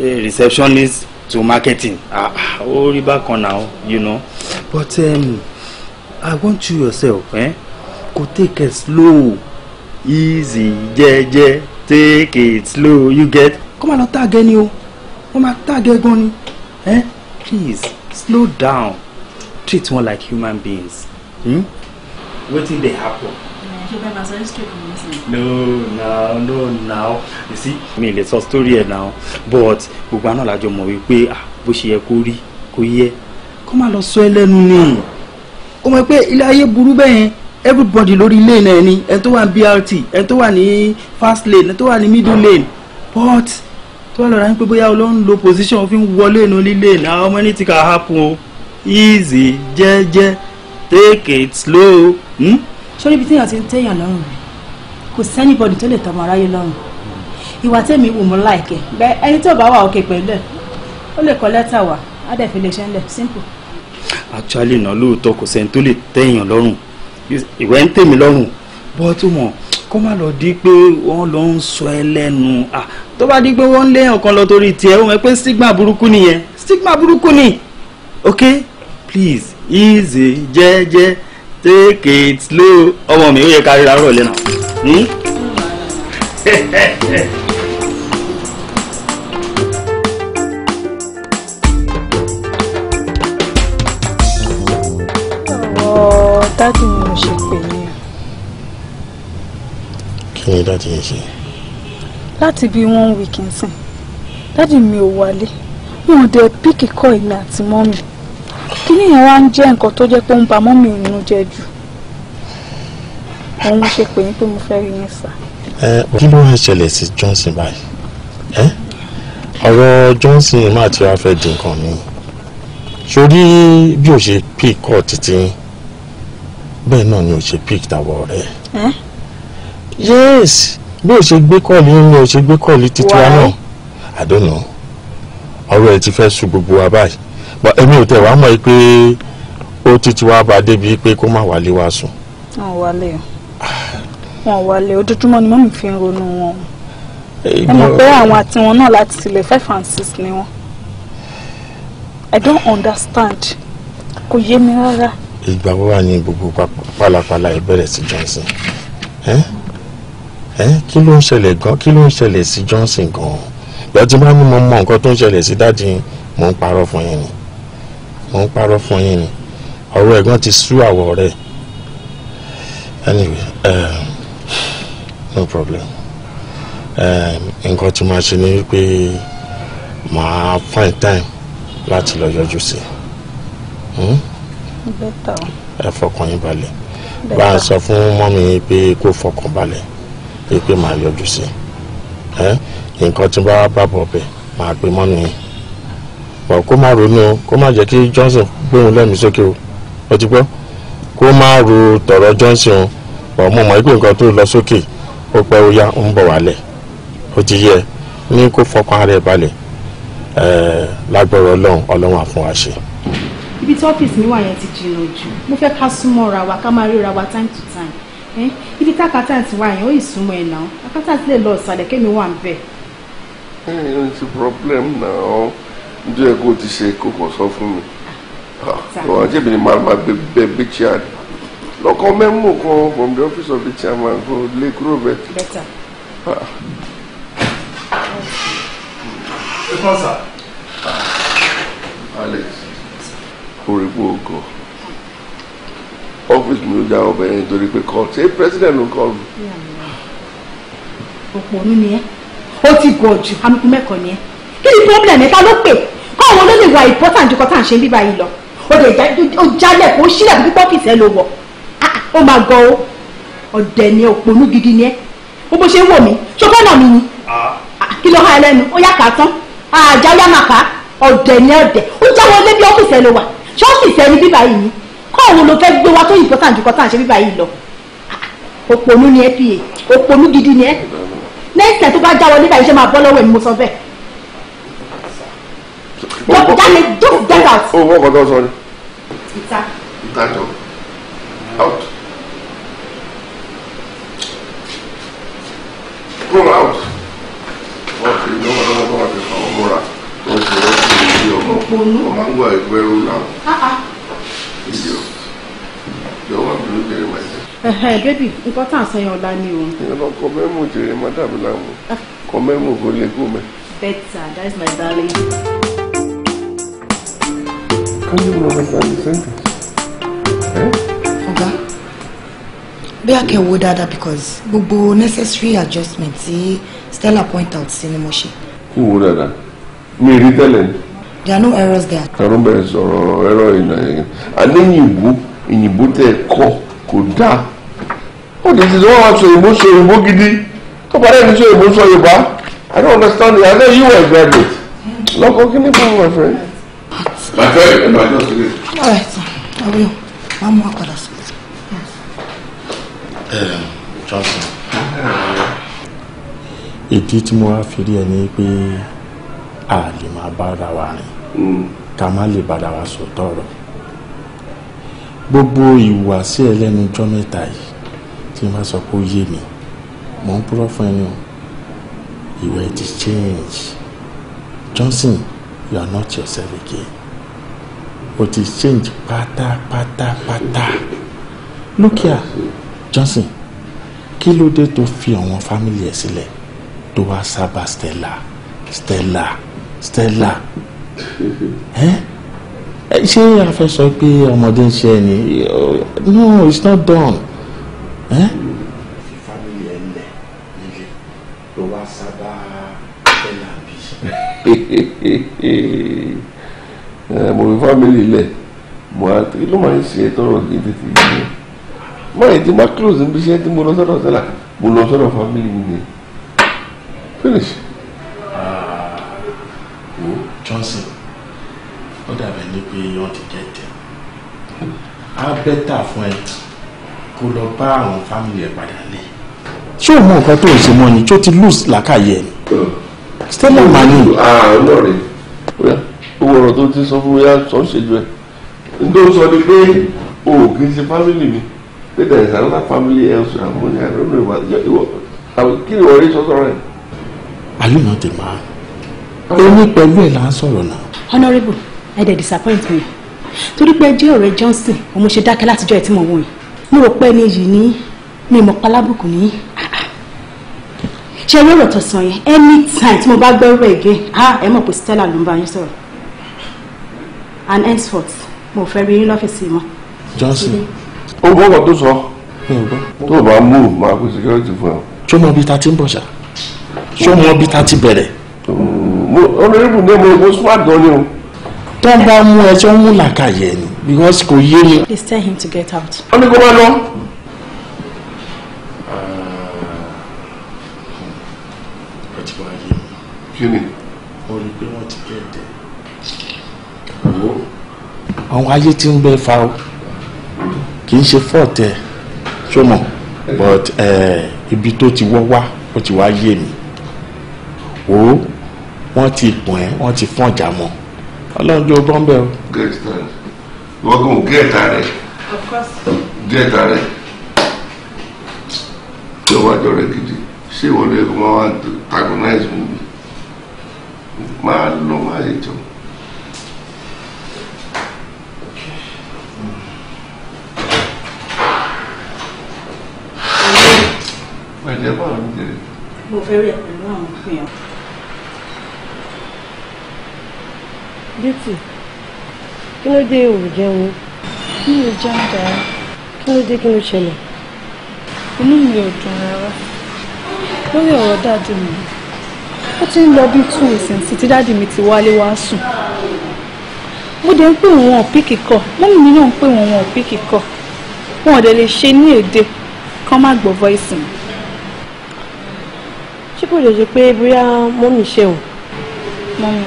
S2: eh, receptionist to marketing ah ó rí bákan náà you know. but um, I want you yourself. Eh? Go take it slow easy jẹ́jẹ́ take it slow you get kó máa lọ tàgẹ́ ni o wọ́n máa tàgẹ́ gan ni eh? please slow down treat wọn like human beings hmm? wetin dey happen. no now no now you see mi lè sọ story ẹ now but gbogbo àná làjọ mọ̀ wípé ah, bó ṣe yẹ kó rí kó yẹ kó má lọ sọ ẹ lẹ́nu ni o mọ̀ pé ilé ayé burú bẹ́ẹ̀ yẹn everybody lórí lane ẹ̀ ni ẹni tó wà ní BRT ẹni tó wà ní fast lane ẹni tó wà ní middle lane but tó wà lọ́ra ń pé bóyá ọlọ́run lo position fi ń wọlé inú lílé na how many things can happen o easy jẹ́jẹ́ take it slow. sórí hmm? ibi téèyàn ti ń téèyàn lọ́rùn rẹ̀ kò sẹ́nibọ̀dì tó lè tọmọ aráyé lọ́rùn ìwà tẹ̀mí wù mọ́ láìkẹ́ bẹ́ẹ̀ ẹni tó bá wà òkè pẹ̀lú ẹ̀ ó lè kọ lẹ́tà wá á dẹ̀ fi lè ṣẹlẹ̀ simple. actually náà lóòótọ́ kò sẹ́ni tó lè téèyàn lọ́rùn ìwé ń tèmi lọ́rùn bọ́ tí wọ́n kó má lọ di pé wọ́n lọ ń sọ ẹ lẹ́nu tó bá di pé wọ́n ń léyàn kan lọ torí tiẹ̀ ó mọ̀ pé stigma burúkú nìyẹn stigma burúkú ni ok please easy jẹ́jẹ́ take it slow ọmọ mi ó yẹ ká rí arọ lẹ́nu. Hmm? that's. kí ni dáàdì yẹn ṣe. láti bí one week nsìn dáàdì mi ò wálé wọn ò dé píkì kọ́ èmi àti mọ́mì kí ni ìyẹn wá ń jẹ́ nǹkan tó jẹ́ pé ó ń ba mọ́mì inú jẹ́ jù òun ṣe pè ní pé mo fẹ́ rí yín sà.
S1: ẹ kí ló wá
S2: ṣẹlẹ̀ sí Johnson báyìí ẹ ọ̀rọ̀ Johnson máa ti wá fẹ́ di nǹkan mi sórí bí o ṣe píkọ̀ títí bẹ́ẹ̀ náà ni o ṣe píkì tàwọ̀ rẹ̀. ẹ́ yes bí o ṣe gbé kọ́ọ̀lì ni o ṣe gbé kọ́ọ̀lì tiwa náà i don't know ọ̀rọ̀ ẹ ti fẹ́ sú gbogbo wa báyìí but èmi ò tẹ̀ wá mọ̀ pé ó ti ti wá bá débi pé kó má wálé wá sùn. wọn wálé wọn ah. wálé ojoojúmọ́ ni mọ́mí fi ń ronú wọn eh, ẹ mọ̀ pé àwọn àti wọn náà láti sílẹ̀ five and six ni wọn i don't understand kò yé mi rárá. ìgbà wo wà ní gbogbo pálapàla ẹ bẹ̀rẹ̀ sí Johnson. Eh? ẹ kí ló ń ṣẹlẹ̀ gan kí ló ń ṣẹlẹ̀ sí Johnson gan ìgbà tí bá ní mo mọ nǹkan tó ń ṣẹlẹ̀ sí dáàdì mò ń parọ́ fún yín ni mò ń parọ́ fún yín ni ọ̀rọ̀ ẹ̀gbọ́n ti sú àwọ̀ rẹ̀ anyway uh, no problem eh, nǹkan tí màá ṣe ni pé màá find time láti lọ yọjú sí hmm? ẹ fọkàn yín balẹ̀ bá a sọ fún mọ́mi pé kó fọkàn balẹ̀. pé màá yọjú sí nǹkan tí bá bá bọ̀ bẹ̀ màá pe bọ̀ Johnson gbóhùn lẹ́mìí sókè o ó ro tọ̀rọ̀ Johnson bọ̀ mo mọ̀ pé nǹkan tó lọ sókè ó pẹ́ ó yá ó ń bọ̀ wálẹ̀ ó ti yẹ ní kó fọkàn rẹ̀ balẹ̀ lágbọ̀rọ̀ ọlọ́run ọlọ́run ibi tí ọ́fíìsì mi wà ti jìnnà jù mo fẹ́ ká súnmọ́ ra wa ká ríra wa Eh, ibi tá accountant wà yẹn ó yìí súnmọ́ ẹ̀ náà accountant lè lọ ọ̀sàlẹ̀ kémi wà ń bẹ̀. ẹ eh, ẹ ti problem náà njẹ ẹ kó ti ṣe kókò sọ fún mi ah, ah, ọ̀hún ajẹ́bi ni màá máa bẹ bí chair lọ́kọ́ mẹ́mú kan from the office of the chairman kò lè kúrò bẹ́ẹ̀. Ah. Alex, orí gbogbo ọ́fíìsì mi ló já obìnrin nítorí pé kọ́ ṣé president ló kọ́ mi. òpònú ni ẹ ó ti gọ̀ jù amúkú mẹ́kọ̀ọ́ ni ẹ kí ni problem ẹ ta ló pè kọ́ àwọn olóyè wa important ju kọ́tà ń ṣe bíbá yìí lọ ó dẹ̀ jálẹ̀ kó sílẹ̀ fún pọ́fíìsì ẹ ló wọ̀ ah, ah, ó máa gan o ọ̀dẹ̀ ni òpònú gidi ni ẹ bó bó ṣe ń wò mí ṣọfẹ́ náà mi ni ah. kí ló hàn ẹ́ lẹ́nu ó yà kà á tán àjà yà máa kà á ọ̀dẹ̀ ni ọ̀dẹ̀ ó jáwọ́ lé bí ọ́fíìsì ẹ ló wà ṣọ́ọ̀fíìsì ẹ ní bíbá yìí ni kọ́ òun ló fẹ́ gbé wa tó important ju kọ́tà ṣe bíbá yìí lọ òpònú ni ẹ pa òpònú gidi ni ẹ next time tó bá jáwọ nígbà yìí ṣe máa bọ́ lọ́wọ́ ẹ̀ ni mo sọ bẹ́ẹ̀ jọ jáde just get out. o wọ́n kọ́ tó sọ ni. ìta. ìta jọ out. go out. wọ́n fi lọ́wọ́ lọ́wọ́ bá wà fi fà wọ́n mọ́ra wọ́n ọmọ ń gbà ìgbẹ́rù náà video you wan do very well. ẹhẹ bébì nǹkan tá à ń sẹyìn ọlá ni o. ìyọ̀nà kọ́mẹ́mù jèrè mọ́tàbí làwọn kọ́mẹ́mù that is my darling.
S1: can you know my family sentence. Eh?
S2: ọ̀gá bí a kẹ́ wo dáadáa because gbogbo necessary adjustment tí Stella point out sí ni mo ṣe. kí wo dáadáa mi rí tẹ́lẹ̀ ni there are no errors there. kàró bẹ̀rẹ̀ sọ̀rọ̀ ẹ̀rọ ìyìnbó àléyìnbó ìyìnbó tẹ̀ kọ́ kò dáa ó ti ti wọ́n wá sọ ìbò sọ ìbò gidi tó bá dẹ́ni sọ ìbò sọ Yorùbá I don't understand it I know you were a graduate lọ́kọ́ kí ni fún my friend.
S1: my friend ẹ máa All right. ọ̀rẹ́ ọ̀ máa mú àpàdà sílé. Johnson
S2: ìdí tí mo wá fi rí ẹ ní pé a lè máa bá ara wa rìn ká má lè bàdà wa sòótọ́ ọ̀rọ̀ gbogbo ìhùwàsí ẹlẹ́nu mẹ́ta yìí tí n bá sọ pé ó yé mi mò ń purọ́ fún ẹni o ìwà ti change Johnson you are not yourself again o ti change pátápátápátá look here Johnson kí ló dé tó fi àwọn fámìlì ẹ sílẹ̀ tó wá sábà Stella Stella Stella. Mm ṣé a fẹ́ sọ pé ọmọdé ń ṣe ẹni no it's not done. family ẹ̀ lẹ̀ nílé ló wá sábà tẹ́lá bí. mo fi family lẹ̀ mo á tó ló máa ń ṣe tọrọ gidi ti gbé mọ èyí tí mo close níbi iṣẹ́ tí mo lọ sọ́dọ̀ sẹ́là mo lọ sọ́dọ̀ family mi ni finish johnson ó dàbẹ̀ ní pé wọ́n ti jẹ́ tẹ̀ á bẹ́tà fún ẹ kó lọ bá àwọn fámìlì ẹ padà lé. ṣé o mọ nǹkan tó ń ṣe mọ ni tó ti lose làákàyè ni stella mani. ààrùn náà rè owó ọ̀rọ̀ tó ti sọ fún mi sọ ṣe jù ẹ n tó sọ ni pé o kì í ṣe fámìlì mi pé there is another family else àmọ́ ní àdúrà ìwà kí ni wọ́n rí sọ́sọ́ rẹ̀. àlùmọ̀ tẹ̀ máa ń èmi pẹ̀lú ẹ̀ là ń sọ̀rọ̀ náà. honourable ẹ dẹ̀ disappoint me torí pé ẹ jẹ́ ọ̀rẹ́ Johnson òun ṣe dákẹ́ látijọ́ ẹ̀ tí mo wọ̀nyí mo rò pé ẹni yìí ní mi mọ̀ pálábùkù ní ṣe eré ọ̀rọ̀ tọ̀sán yẹn anytime tí mo bá gbọ́ rẹ̀ gẹ́ ẹ mọ̀ pé Stella ló ń bá yín sọ̀rọ̀ and henceforth mo fẹ́ rí yín lọ́fíìsì mọ́. Johnson ó gbọ́ tó sọ tó o bá mú màá kó security fún ẹ. ṣé o mọ ibi tá a ti ń bọ̀ ṣá ṣé o mọ ibi tá ti bẹ̀rẹ̀ honourable ní ọmọ ìbò sùn tó ń bá mú ẹjọ́ mú làkàyè ni because kò yé mi. please tell him to get out. wọ́n ní kó máa lọ. ẹ ti máa yé mi. kí i pé wọ́n ti kẹ́ ẹ̀dẹ̀. àwọn ayé ti ń bẹ fa o kì í ṣe fọ́ọ̀tẹ̀ ṣọmọ but eh, ibi tó ti wọ́ wá ó ti wá yé mi. wo wọ́n ti bùn ẹ́ wọ́n ti fọ́n jà mọ́ ọlọ́run jó bọ́n bẹ́ẹ̀ o. wọ́n kò gẹ́ẹ̀ta rẹ̀ gẹ́ẹ̀ta rẹ̀ tí ó wájọ rẹ̀ gidi ṣé ìwọ lè máa wá antagonize mú mi máa lọ máa yẹ jọ.
S1: mo fẹ́ rí ẹ̀ pẹ̀lú àwọn fìyàn. Beauty, kí ló dé òwò jẹun? Mi ò jẹun dára. Kí ló dé kí ló ṣẹlẹ̀? Inú mi ò dùn rárá. Lórí ọ̀rọ̀ dáàdì
S2: mi, ó ti ń lọ bí two weeks tí dáàdì mi ti wálé wá sùn. Mo dẹ̀ ń pè wọ́n ọ̀pìkì kọ̀, mọ́mí mi náà ń pè wọ́n ọ̀pìkì kọ̀. Wọ́n ò dẹ̀ lè ṣe ní èdè kán má gbọ́ voice mi. Ṣé kò lè ṣe pé bóyá mọ́mí ṣẹ̀wọ̀n? Mọ́mí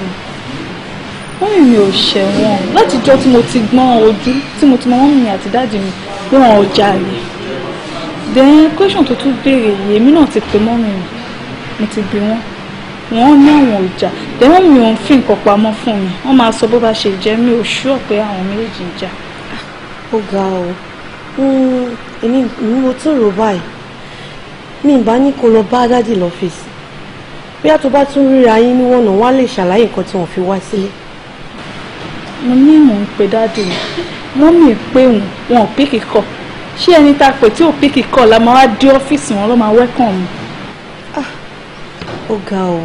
S2: wọ́n rìn mi ò ṣẹ̀wọ̀n látijọ́ tí mo ti gbọ́n ojú tí mo ti mọ wọ́n àti dáàdì mi pé wọn ò jalè then question tó tún béèrè yìí èmi náà ti pe mọ́mì mi mo ti bi wọ́n wọ́n ní àwọn ò jà then wọ́n mi ò ń fi nǹkan pamọ́ fún mi wọ́n máa sọ bó bá ṣe jẹ́ mi ò ṣúọ̀ pé àwọn méjèèjì jà. ó ga ọ èmi mo tún rò báyìí mi ì bá ní kó lọ bá dáàdì lọ́fíìsì bí tó bá tún ríra yín ní wọ̀nà wá lè ṣàlàyé nǹkan tí wọ́n fi wá sílé mo ní mò ń pe dáàdì mi wọ́n mì pé wọn ò píkì kọ̀ ṣé ẹni tá a pè tí ò píkì kọ̀ la máa wá dé ọ́fíìsì wọn ló máa wẹ́kàn mi. Ah, ó ga ọ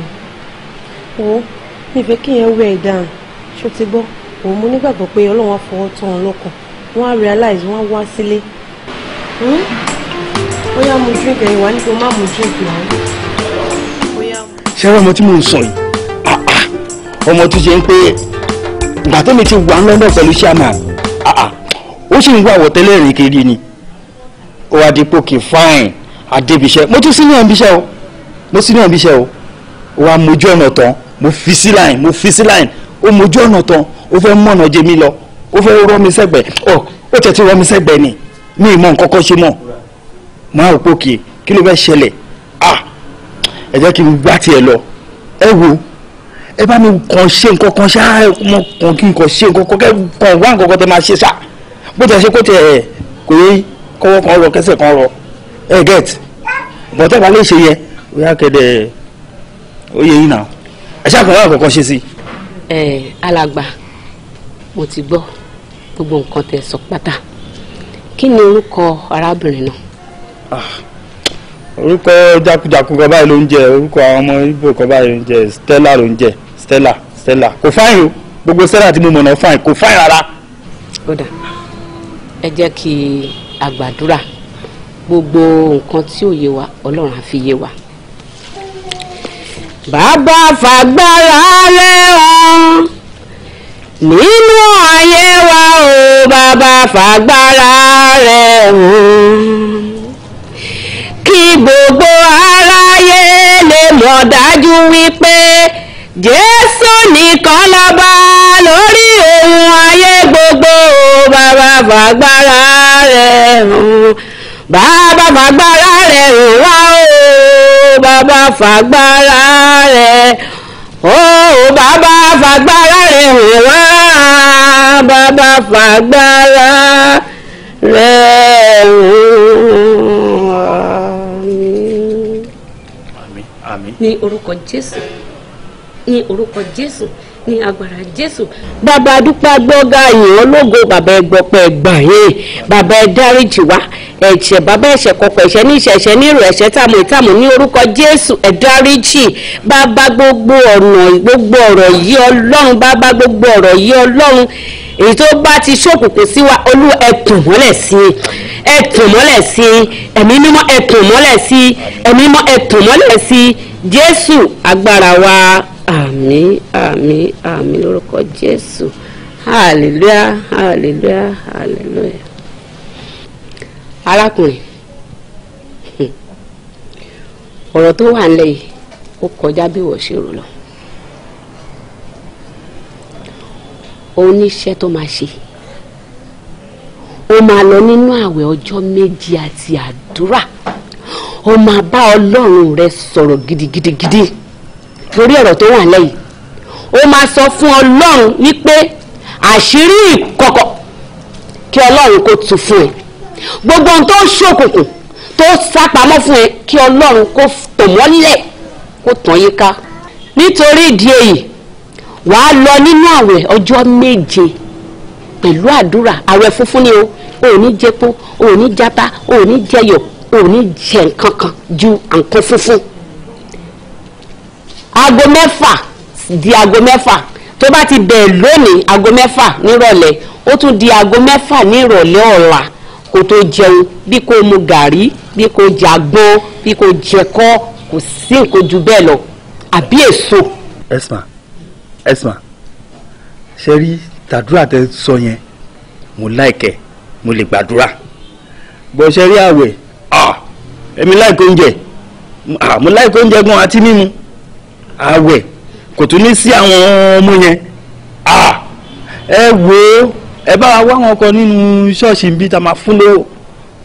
S2: o mi fẹ́ kí yẹn wẹ̀ ẹ́ dáhùn ṣó ti gbọ́ òun mo nígbàgbọ́ pé ọlọ́run á fọwọ́ tán ọ lọ́kàn wọ́n á realize wọ́n á wá sílé. Hmm? ó yá mu drink ẹ̀yìn wá nípa má mu drink lọ́wọ́. ṣé ọmọ tí mò ń sọ yìí ah, ah. ọmọ tó ṣe ń pé ìgbà tó mi ti wà lọ́dọ̀ pẹ̀lú chairman ah, ah, ó sì ń wá àwọ̀tẹ́lẹ̀ rìn kiri ni ó wá dípò kì fáìn àdébíṣẹ́ mo tún sínú ẹ̀ǹbíṣẹ́ o mo sínú ẹ̀ǹbíṣẹ́ o ó wá mojú ọ̀nà tán mo fi sí line mo fi sí line ó mojú ọ̀nà tán ó fẹ́ mọ̀nà jẹ mí lọ ó fẹ́ rọ́ mi sẹ́gbẹ̀ẹ́ ọ oh, ó tẹ̀ tí rọ́ mi sẹ́gbẹ̀ẹ́ ni mi ì mọ nǹkan kan ṣe mọ̀ máa ò pòkè kí ló fẹ́ ṣẹlẹ̀ ah ẹ jẹ́ kí n gbá tiẹ̀ lọ ẹ wo ẹ bá mi kàn ṣe nǹkan kan ṣá mo kàn kí n kàn ṣe nǹkan kan kẹ kàn wá nǹkan kan tẹ máa ṣe ṣá bó tẹ ṣe kó tẹ kò yé kọ́wọ́ kan rọ kẹsẹ̀ kan rọ ẹ gẹ́t bọ́tẹ́ bá lè ṣe yẹ ó yà kẹ́dẹ̀ ó yẹ yín náà ẹ ṣáà kàn wá nǹkan kan ṣe sí. ẹ alàgbà mo ti gbọ́ gbogbo nǹkan tẹ sọ pátá kí ni orúkọ arábìnrin náà ah, orúkọ jákujàku kan báyìí ló ń jẹ orúkọ àwọn ọmọ Ìgbò kan báyìí ló ń jẹ Stella ló ń jẹ Stella Stella kò fáìn o gbogbo Stella tí mo mọ̀ náà fáìn kò fáìn rárá. kódà ẹ jẹ́ kí a gbàdúrà gbogbo nǹkan tí ò yé wa ọlọ́run á fi yé wa. bàbá fàgbára lé wọn
S1: nínú ayé wa o bàbá fàgbára rẹ hàn kí gbogbo aráyé lè
S2: mọ̀ dájú wípé jésù nìkan lọ́ba lórí ohun ayé gbogbo bàbá fàgbára rẹ̀ hàn bàbá fàgbára rẹ̀ hàn wá o bàbá fàgbára rẹ̀ o bàbá fàgbára rẹ̀ hàn wá bàbá fàgbára rẹ̀ hàn. àmín àmín. ní orúkọ jésù ní orúkọ jésù ní agbára jésù. bàbá adúpẹ́ agbọ́gá yìí ológo bàbá ẹgbọ́pẹ́ ẹgbà yìí bàbá ẹdáríjì wá ẹ̀jẹ̀ bàbá ẹ̀ṣẹ̀ kọ̀ọ̀kọ̀ ẹ̀ṣẹ̀ ní ìṣẹ̀ṣẹ̀ ní ìrò ẹ̀ṣẹ̀ tààmù ìtààmù ní orúkọ jésù ẹdáríjì bàbá gbogbo ọ̀nà gbogbo ọ̀rọ̀ yìí ọlọ́run bàbá gbogbo ọ̀rọ̀ yìí ọlọ́run èyí tó bá ti ṣòkùnkùn sí wa olú ẹtùn mọ́lẹ̀ sí i ẹtùn mọ́lẹ̀ sí i ẹ̀mí mímọ́ ẹtùn mọ́lẹ̀ sí i ẹ̀mí mímọ́ ẹtùn mọ́lẹ̀ sí i jésù agbára wa àmín àmín àmín lórúkọ jésù hallelujah hallelujah hallelujah arákùnrin ọ̀rọ̀ tó wà nílẹ̀ yìí ó kọjá bí wọ́n ṣe rò lọ oníṣẹ́ tó máa ṣe ó máa lọ nínú àwẹ̀ ọjọ́ méjì àti àdúrà ó máa bá ọlọ́run rẹ sọ̀rọ̀ gidigidigidi. Gidi, gidi lórí ọ̀rọ̀ tó wà lẹ́yìn ó máa sọ fún ọlọ́run wípé àṣírí ìkọ̀kọ̀ kí ọlọ́run kó tú fún ẹ gbogbo ohun tó ń ṣòkùnkùn tó sápamọ́ fún ẹ kí ọlọ́run kó tò mọ́lẹ̀ kó tàn yín ká nítorí ìdí èyí wàá lọ nínú àwẹ̀ ọjọ́ méje pẹ̀lú àdúrà àwẹ̀ funfun ni o ò ní jẹpo ò ní jata ò ní jẹyọ ò ní jẹ nǹkan kan ju nǹkan funfun aago mẹ́fà di aago mẹ́fà tó bá ti bẹ̀ẹ̀ lónìí aago mẹ́fà nírọ̀lẹ́ ó tún di aago mẹ́fà nírọ̀lẹ́ ọ̀la kó tó jẹun bí kò mu gàrí bí kò jàgbọ́n bí kò jẹ̀kọ́ kò sí nǹkan ju bẹ́ẹ̀ lọ àbí èso. esma esma ṣe rí tàdúrà tẹ sọ yẹn mo láìkẹ mo lè gbàdúrà bó ṣe rí àwẹ̀ ah, èmi láìkó oúnjẹ ah, mo láìkó oúnjẹ gan àti mímu àwẹ̀ kò tún ní sí àwọn ọmọ yẹn ẹ wò ó ẹ bá wa wá àwọn ọkọ nínú ṣọ́ọ̀ṣì ń bí tá a máa fún lówó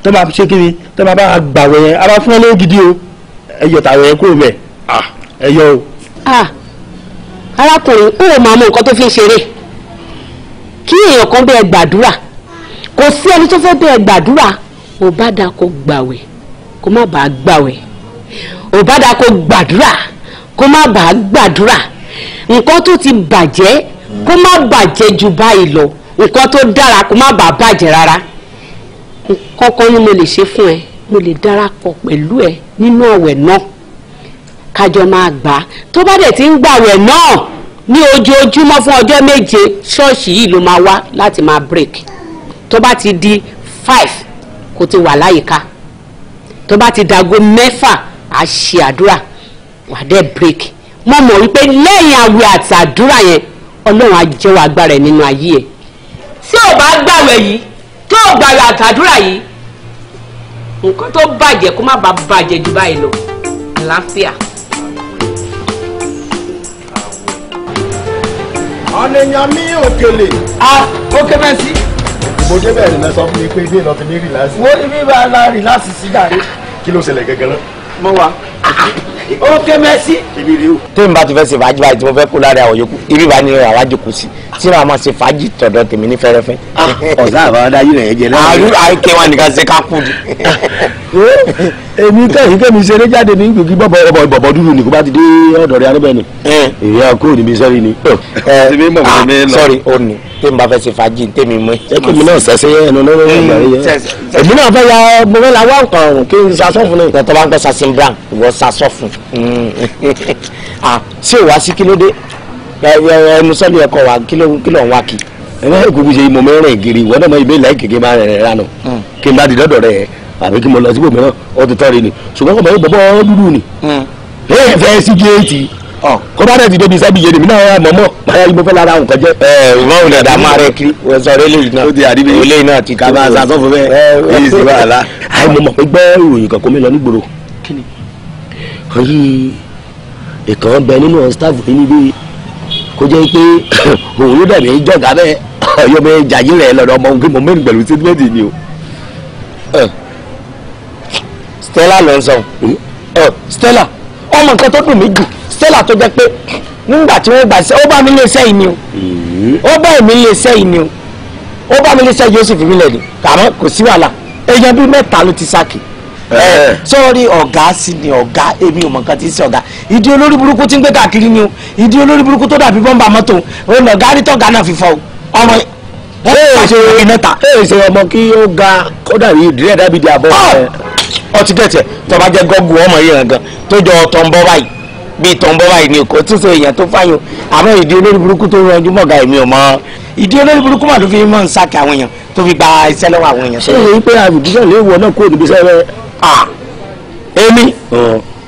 S2: tó máa ṣe kiri tó máa bá a gbàwẹ̀ yẹn a máa fún ọ lówó gidi o ẹ yọ tàwẹ̀ yẹn kúrò bẹ̀ ẹ yọ o. arákùnrin n ò máa mọ nǹkan tó fi ń ṣeré kí èèyàn kan bẹ́ẹ̀ gbàdúrà kò sí ẹni tó fẹ́ bẹ́ẹ̀ gbàdúrà ò bá gbàwẹ̀ kó má bàa gbàwẹ̀ ò bá gbàdúrà kó má bàa gbàdúrà nǹkan tó ti bàjẹ́ kó má bàjẹ́ ju báyìí lọ nǹkan tó dára kó má bàa bàjẹ́ rárá kọ́kọ́ ni mo lè ṣe fún ẹ mo lè darapọ̀ pẹ̀lú ẹ nínú ọ̀wẹ̀ náà kájọ máa gbà á tó bá dẹ̀ ti ń gbàwẹ̀ náà ní ojoojúmọ́ fún ọjọ́ méje ṣọ́ọ̀ṣì yìí ló máa wá láti máa break tó bá ti di five kò ti wà láyìíká tó bá ti dago mẹ́fà á ṣe àdúrà wà dé break mo mọ̀ wípé lẹ́yìn àwẹ̀ àti àdúrà yẹn ọlọ́run á jẹ́wọ́ agbára ẹ̀ nínú ayé ẹ̀. tí ò bá gbàwẹ̀ yìí tó o gbàwẹ̀ àti àdúrà yìí nǹkan tó bàjẹ́ kó má bàa bàjẹ́ jù báyìí lọ àlàáfíà. ọ̀nìyàn mi òkèlè. a òkè mẹ́sì. mo débẹ̀ rìn náà sọ fún mi pé bí èèyàn fi ní rìláàsì. mo ní bí bá a la rìláàsì sí gàrí. kí ló ṣẹlẹ̀ gẹ́gẹ́ náà mo wà. ó ké mẹ́sì. èmi rè o. tèmi bá ti fẹ́ ṣe fàájì báyìí tí mo fẹ́ kó lára àwọn yòókù ibi bá ní àwa jókòó sí tí màá máa ṣe fàájì tọ̀dọ̀ tèmi ní fẹ́rẹ́fẹ́.
S1: Ah, ọ̀sán àbáwádá yìí rẹ̀ jẹ náà. àrùn àìkẹ́ wa nìkan ṣe ká kú di.
S2: èmi kẹ́hìn kẹ́mi ṣeré jáde ní gbòógì bọ̀bọ̀ bọ̀bọ̀ dúró ni kó bá ti dé ọ̀dọ̀ rẹ̀ arẹ́bẹ̀ ni. ìyá kúrò níbi sẹ́rí ni. Ah, sọ́rí ó ní tèmi bá fẹ́ ṣe fàájì tèmi mọ́. ẹ̀kẹ́mi náà ṣẹ̀ṣẹ̀ ẹnu náà ẹ̀mí náà fẹ́ ya mo fẹ́ la wá nǹkan kí n sasọ́ fún mi. tọ́ba ń pẹ́ sasi fine brown ìwọ sa sọfún ah, ṣé ìwà sí kí ló dé ẹnu sọ́lé ẹ̀kọ́ wa kí ló ń wá ẹ máa ń kó bí ṣe mo mẹ́rin gírí ìwọ náà mo ìbéèrè láì kékeré máa rẹ̀ lánà hmm. kí n bá di lọ́dọ̀ rẹ̀ àbí kí mo lọ síbò mìíràn ó ti tán ni ṣùgbọ́n kò mọ̀ ní bọ́bọ́ dúdú ni. Hmm. ẹ fẹ́ sí géètì oh. kó bá dẹ̀ ti débi sábì yé kíni. ọyí ìkàn bẹ nínú ọ̀n staff yìí níbí kó jẹ́ pé òun ló dàbí jọ̀gá bẹ́ẹ̀ ọ̀yọ́ bẹ́ẹ̀ jàjí rẹ̀ lọ́dọ̀ ọmọ òun kí mo mẹ́rin pẹ̀lú sẹ́tímẹ́ǹtì ni o. Stella ló ń sọ Stella ọmọ nǹkan tó dùn mí jù Stella tó jẹ́ pé nígbà tí wọ́n gbà sẹ́ ó bá mi lé sẹ́yìn ni o ó bá mi lé sẹ́yìn ni o ó bá mi lé sẹ́yìn yóò sì fi mí lẹ̀ ni kàmọ́ kò sí wàhálà èèyàn bíi mẹ́ta ló ti sáàkì Eh. Eh, sọ́ọ́rí ọ̀gá sí ni ọ̀gá èmi ò mọ̀ nǹkan tí ń ṣe ọ̀gá ìdí olórí burúkú tí ń gbé káàkiri ni o ìdí olórí burúkú tó dàbí bọ́ǹbà mọ́tò òun lọ̀gá rí tọ́gá náà fífọ́ ọmọ ẹ̀ẹ́dẹ́gbẹ̀rún eh, mẹ́ta. ẹ̀ẹ́dẹ́gbẹ̀rún ṣe ọmọ kí ó ga kódà ìdílé dàbí di àbọ̀ ọtí gẹ̀tẹ̀ tọba jẹ gọ́gù ọmọ yìí hàn tó jọ tọ̀nbọ̀ báyìí bíi tọ̀nbọ̀ báyìí ni òkò tí so èèyàn tó fáyọ àmọ́ ìdí olórí burúkú tó yanjú mọ̀gá èmi ò mọ́ ìdí olórí burúkú mà ló fi mọ̀ ń sáàkì àwọn èèyàn tó fi gba iṣẹ́ lọ́wọ́ àwọn èèyàn. ṣé èyí pé àbùdíjọ́ lè wọ náà kúrò níbi iṣẹ́ rẹ̀ ah èmi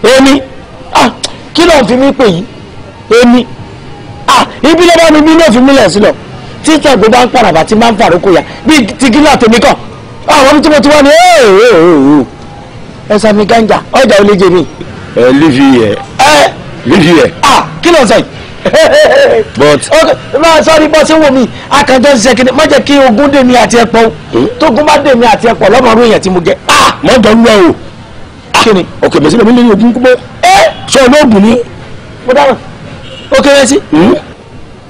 S2: èmi hmm. ah kí ló ń fi mí pè yìí èmi ah ibi ló bá mi bí ló fi mílẹ̀ sí lọ tí tẹ̀gbẹ́ bá ń paraba tí máa ń farókò yá bí ti gílà tèmi kàn ah, àwọn tí mo ti wá ní ẹ sami gánjà ọjà ò lè jẹ mi.
S1: ẹ lífi yẹ.
S2: ẹ lífi yẹ. ah kí ló ń sọ but máa sọ ní bọ́sẹ̀ wò mí akànjọ́ ṣiṣẹ́ kí ni má jẹ́ kí ogun dèmi àti ẹ̀pọ̀ hmm? tógun bá dèmi àti ẹ̀pọ̀ lọ́mọ̀ọ́rọ́ èèyàn tí mo jẹ́. Ah! mọ jọ lọ o ah! kí ni òkè bẹ̀sẹ̀ lómi lórí ogun kúgbó sọ eh? olóògùn ni. mo dáhùn ó kéré sí. Hmm?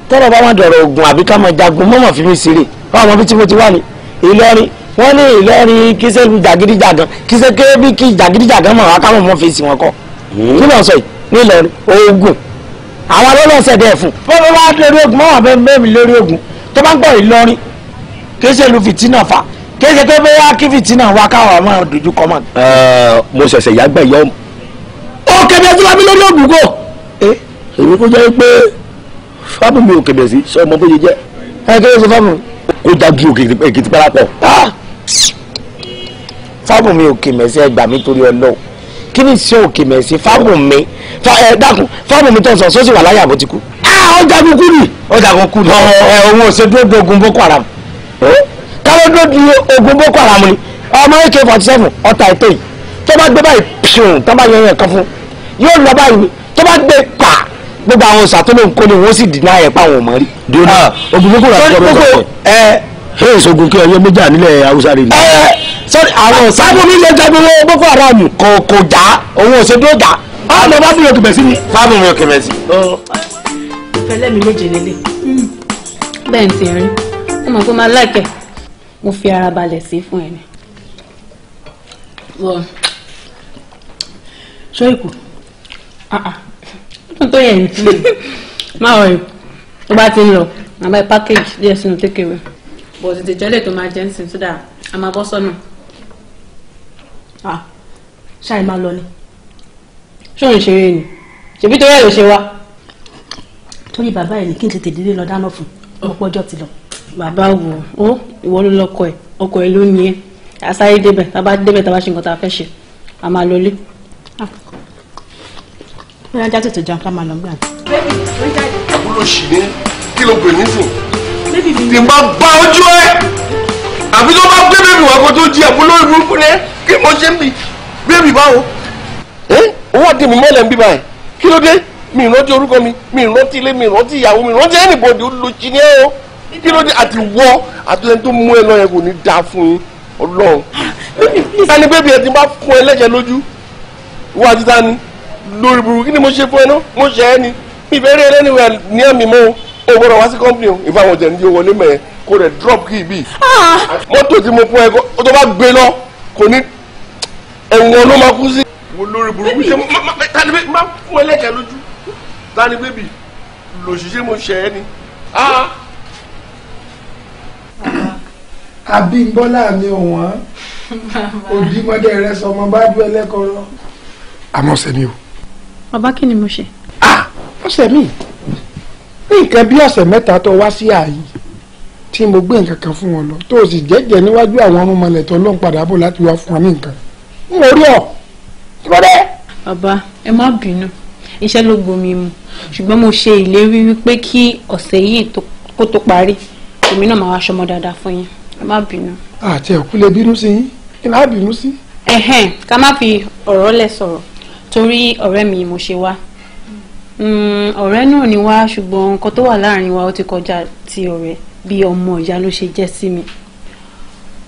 S2: tọ́lọ̀ bá wọn dọ̀rọ̀ ogun àbí ká máa jagun mọ́mọ́ fi mí ṣeré báwọn ọmọ bí tí mo ti wà ní Ìlọrin wọ́n ní Ìlọrin kíṣe jàgídíjàgan kíṣe kéré bí kí jàgídíjàgan mọ̀ wá káwọn ọmọ fèsì wọn kọ́ hmm? kí ló ń sọ yìí ní Ìlọrin ogun àwọn alọ́lọ́sẹ̀ dẹ̀ fún bọ́lá bá lórí ogun máa wà bẹ́ẹ̀ mẹ́mi lórí ogun tó bá ń gbọ́ ìlọrin kéṣe lu fìtínà fa kéṣe tó bẹ́ẹ̀ kí fìtínà wa káwọn ọmọ dojú kọ́ mọ́. mo ṣẹ̀ṣẹ̀ yàgbẹ́ yọ. ó kẹ̀mí ẹtí wá mi lórí ogun kò. èmi kò jẹ́ pé fábù mi ò kẹ̀mí ẹ̀sí sọ ọmọ bóyá jẹ́. ẹ kí ló ṣe fábù. kó dájú òkè èkìtì parapọ̀. Ah! fábù mi ò kẹ̀mí ẹ̀sí ẹgbàá mi torí ọlọ́run kí ni sí òkè mẹ̀sí fáàmù mi dákun fáàmù mi tọ̀sán sọ́sì wà láyà àbótikú. ọjà ah, kan kú ni. ọjà kan kú ni. òun ò ṣe dúró de ogun boko haram. káwé dúró de ogun boko haram ni ọmọ ak forty seven ọta ètò yìí tó bá gbé báyìí pṣùn tó bá yẹn yẹn kan fún yóò lọ báyìí tó bá gbé pa gbogbo àwọn sàtúnlò nǹkan ni wọ́n sì dìnnà ẹ̀ pa àwọn ọmọ rí. Ah. ogun boko haram kọ́ ló ń sọ ẹ ẹ ìṣògùn kí ọyọ méjà nílẹ̀ haúsá rẹ̀ ni sọ́ọ́dì àwọn ah, ọ̀sán. fábùmí lè jẹ́ gbogbo boko haram. kò kò já òun ò ṣe dúró já. a ah, lọ fábùmí òkè bẹ̀sí ni.
S1: fábùmí òkè bẹ̀sí.
S2: ìfẹ́lẹ́ mi méje lélẹ̀. bẹ́ẹ̀ ni ti rí
S1: mo mọ̀ pé máa láìpẹ́
S2: mo fi ara balẹ̀ sí fún ẹ ni. ṣé ikú ah, tó yẹ ní máa wọ̀ tó bá ti ń lọ màá bá package díẹ̀ sínú takeaway bọ̀ tètè jẹ́lẹ̀ tó máa jẹ́ ń sìn sódà a máa bọ́ Ah, ṣáà máa lọ ni ṣóun ṣeré ni ṣèbí torí ẹ̀ ló ṣe wá. torí bàbá ẹ̀ ní kí n tètè délé lọ dáná fún ọ̀pọ̀ ọjọ́ ti lọ. bàbá wo ó ìwọ ló lọkọ ẹ ọkọ ẹ ló ní ẹ àṣàyè débẹ̀ tábà débẹ̀ tábà ṣe nǹkan tá a fẹ́ ṣe a máa lọ lé. Ah. bóyá ajá tètè jẹun ká máa lọ gbà.
S1: bébì ló ń jáde.
S2: àbúrò ṣì ní kí ló pè ní sùn. tí n bá gbá ojú ẹ
S1: àbí tó bá gbé bébì wá kó tó
S2: jí àbúrò ìbúrúkú rẹ bí mo ṣe ń bì bébì báwo. ẹ owó àti mi mọ́lẹ̀ ń bí báyìí kí ló dé mi ìrántí orúkọ mi mi ìrántí ilé mi ìrántí ìyàwó mi ìrántí ẹnìbọdì olùsí ni ẹ o kí ló dé àti wọ àtúnyẹn tó mú ẹ lọ yẹn kò ní dáa fún yín Ọlọ́run. tani bébì ẹ ti bá fún ẹ lẹ́jẹ̀ lójú wọ́n àti tani lórí burúkú kí ni mo ṣe fún ẹ náà mo ṣe ẹ ni mi fẹ́ rí ẹlẹ́ni wẹ̀ ní ẹ̀mí mọ́ o gbọ́dọ̀ wá sí company o ìfẹ́ àwọn jẹ̀ndí wọlé mẹ́ kó rẹ̀ drop kí ibi. Ah. mọ́tò tí mo fún ẹ kó tó bá gbé lọ kò ní ẹ̀wọ̀n ló máa kú sí. mo lórí burúkú ṣe tani máa fún ẹlẹ́kẹ̀ lójú tani bẹ́ẹ̀bì lòṣìṣẹ́ mo ṣẹ̀ ẹ́ ni. Abímbọ́lá mi ò wọ́n òdìmọ́dé rẹ sọmọ bá dú ẹlẹ́kọ̀ọ́ lọ. àmọ́ sẹ́mi o. bàbá kí ni mo ṣe. ah ọ̀sẹ̀ mi ní nǹkan bí ọ̀sẹ̀ mẹ́ta tó wá sí ààyè tí mo gbé nǹkan kan fún wọn lọ tó o sì jẹ́jẹ́ níwájú àwọn ọmọ mọ̀lẹ́tọ́ ló ń padà bọ̀ láti wá fún wa ní nǹkan n ò rí ọ kí ló dé. bàbá ẹ má bínú iṣẹ́ ló gbomi mu ṣùgbọ́n mo ṣe ìlérí wípé kí ọ̀sẹ̀ yìí kó tó parí èmi náà máa wá aṣọ ọmọ dáadáa fún yín ẹ má bínú. àti ẹ̀kú lè bínú sí yín kí n á bínú sí. ká má fi ọ̀rọ̀ lẹ̀ sọ̀rọ̀ torí ọ̀rẹ́ mi mo ṣe wá mm, ọ̀rẹ́ náà ni wá ṣùgbọ́n nǹkan tó wà láàrin wa ó ti kọjá ti ọ̀rẹ́ bí ọmọ ìyá ló ṣe jẹ́ sí mi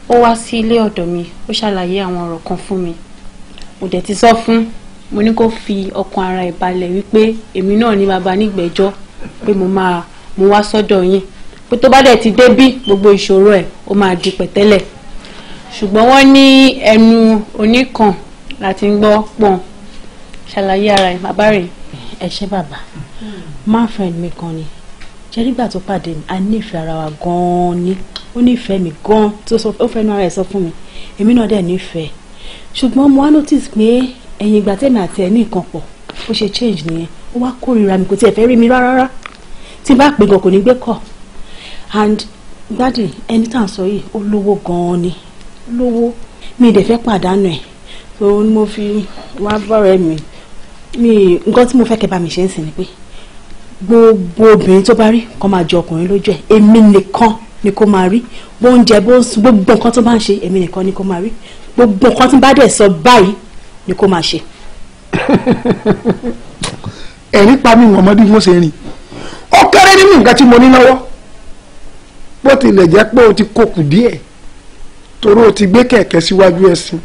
S2: ó wá sí ilé ọ̀dọ̀ mi ó ṣàlàyé àwọn ọ̀rọ̀ kan fún mi mo dẹ̀ ti sọ fún mo ní kó fi ọkàn ara ẹ̀ balẹ̀ wípé èmi náà ní bàbá nígbẹ̀jọ́ pé mo máa mo wá sọ́dọ̀ yín pé tó bá dẹ̀ ti débí gbogbo ìṣòro ẹ̀ ó máa di pẹ̀tẹ́lẹ̀ ṣùgbọ́n wọ́n ní ẹnu oníkan láti gbọ́ pọ̀n ṣàlàyé ara ẹ̀ bàbá rẹ̀. ẹ bàbá máa fẹ́ mi kan ni ṣe nígbà tó pàdé mi a nífẹ̀ẹ́ ara wa gan-an ni ó nífẹ̀ẹ́ mi gan tó sọ ó fẹ́nu ara ẹ̀ sọ fún mi èmi náà dẹ̀ nífẹ̀ẹ́ ṣùgbọ́n mo wá notice pé ẹ̀yìn ìgbà tẹ̀mí àti ẹ̀ ní nǹkan pọ̀ ó ṣe change nìyẹn ó wá kórìíra mi kò tiẹ̀ fẹ́ rí mi rárá tí n bá pè gan kò ní gbé kọ̀ and dádì ẹni tá à ń sọ yìí ó lówó gan-an ni lówó mi dẹ̀ fẹ́ pàdánù ẹ̀ tó ni mo fi wá bọ̀rẹ̀ mi mi nǹkan tí mo fẹ́ kẹ́ bá mi ṣe ń sìn ni pé gbogbo obìnrin tó bá rí kó máa jọ ọkùnrin lójú ẹ̀ èmi nìkan ni kó máa rí bó ń jẹ bó ń sùn gbogbo nǹkan tó bá ń ṣe èmi nìkan ni kó máa rí gbogbo nǹkan tó bá dẹ̀ sọ báyìí ni kó máa ṣe. ẹ̀rí pa mi ọmọdé mo ṣe rìn ó kéré nínú nǹkan tí mo ní lọ́wọ́ bó tilẹ̀ jẹ́ pé o ti kokù díẹ̀ torí o ti gbé kẹ̀kẹ́ síwájú ẹ̀sìn